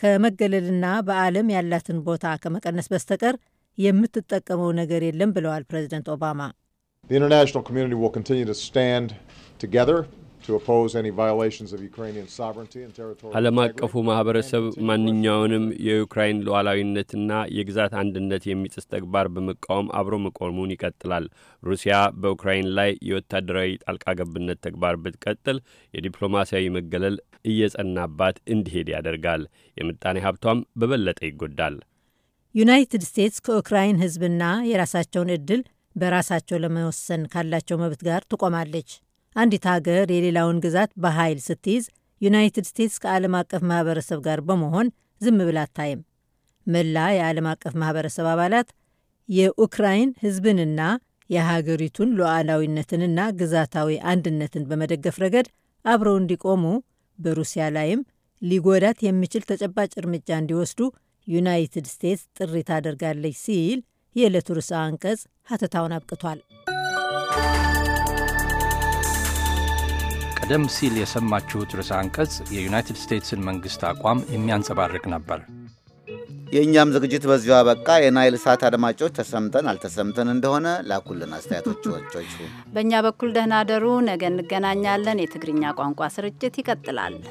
ከመገለልና በዓለም ያላትን ቦታ ከመቀነስ በስተቀር የምትጠቀመው ነገር የለም ብለዋል ፕሬዚደንት ኦባማ። ዓለም አቀፉ ማህበረሰብ ማንኛውንም የዩክራይን ሉዓላዊነትና የግዛት አንድነት የሚጥስ ተግባር በመቃወም አብሮ መቆሙን ይቀጥላል። ሩሲያ በዩክራይን ላይ የወታደራዊ ጣልቃ ገብነት ተግባር ብትቀጥል የዲፕሎማሲያዊ መገለል እየጸናባት እንዲሄድ ያደርጋል። የምጣኔ ሀብቷም በበለጠ ይጎዳል። ዩናይትድ ስቴትስ ከዩክራይን ህዝብና የራሳቸውን ዕድል በራሳቸው ለመወሰን ካላቸው መብት ጋር ትቆማለች። አንዲት ሀገር የሌላውን ግዛት በኃይል ስትይዝ ዩናይትድ ስቴትስ ከዓለም አቀፍ ማህበረሰብ ጋር በመሆን ዝም ብላ አታይም። መላ የዓለም አቀፍ ማህበረሰብ አባላት የኡክራይን ህዝብንና የሀገሪቱን ሉዓላዊነትንና ግዛታዊ አንድነትን በመደገፍ ረገድ አብረው እንዲቆሙ በሩሲያ ላይም ሊጎዳት የሚችል ተጨባጭ እርምጃ እንዲወስዱ ዩናይትድ ስቴትስ ጥሪ ታደርጋለች ሲል የዕለቱ ርዕሰ አንቀጽ ሀተታውን አብቅቷል። ቀደም ሲል የሰማችሁት ርዕሰ አንቀጽ የዩናይትድ ስቴትስን መንግሥት አቋም የሚያንጸባርቅ ነበር። የእኛም ዝግጅት በዚሁ አበቃ። የናይል ሳት አድማጮች ተሰምተን አልተሰምተን እንደሆነ ላኩልን አስተያየቶች። በእኛ በኩል ደህና ደሩ። ነገ እንገናኛለን። የትግርኛ ቋንቋ ስርጭት ይቀጥላል።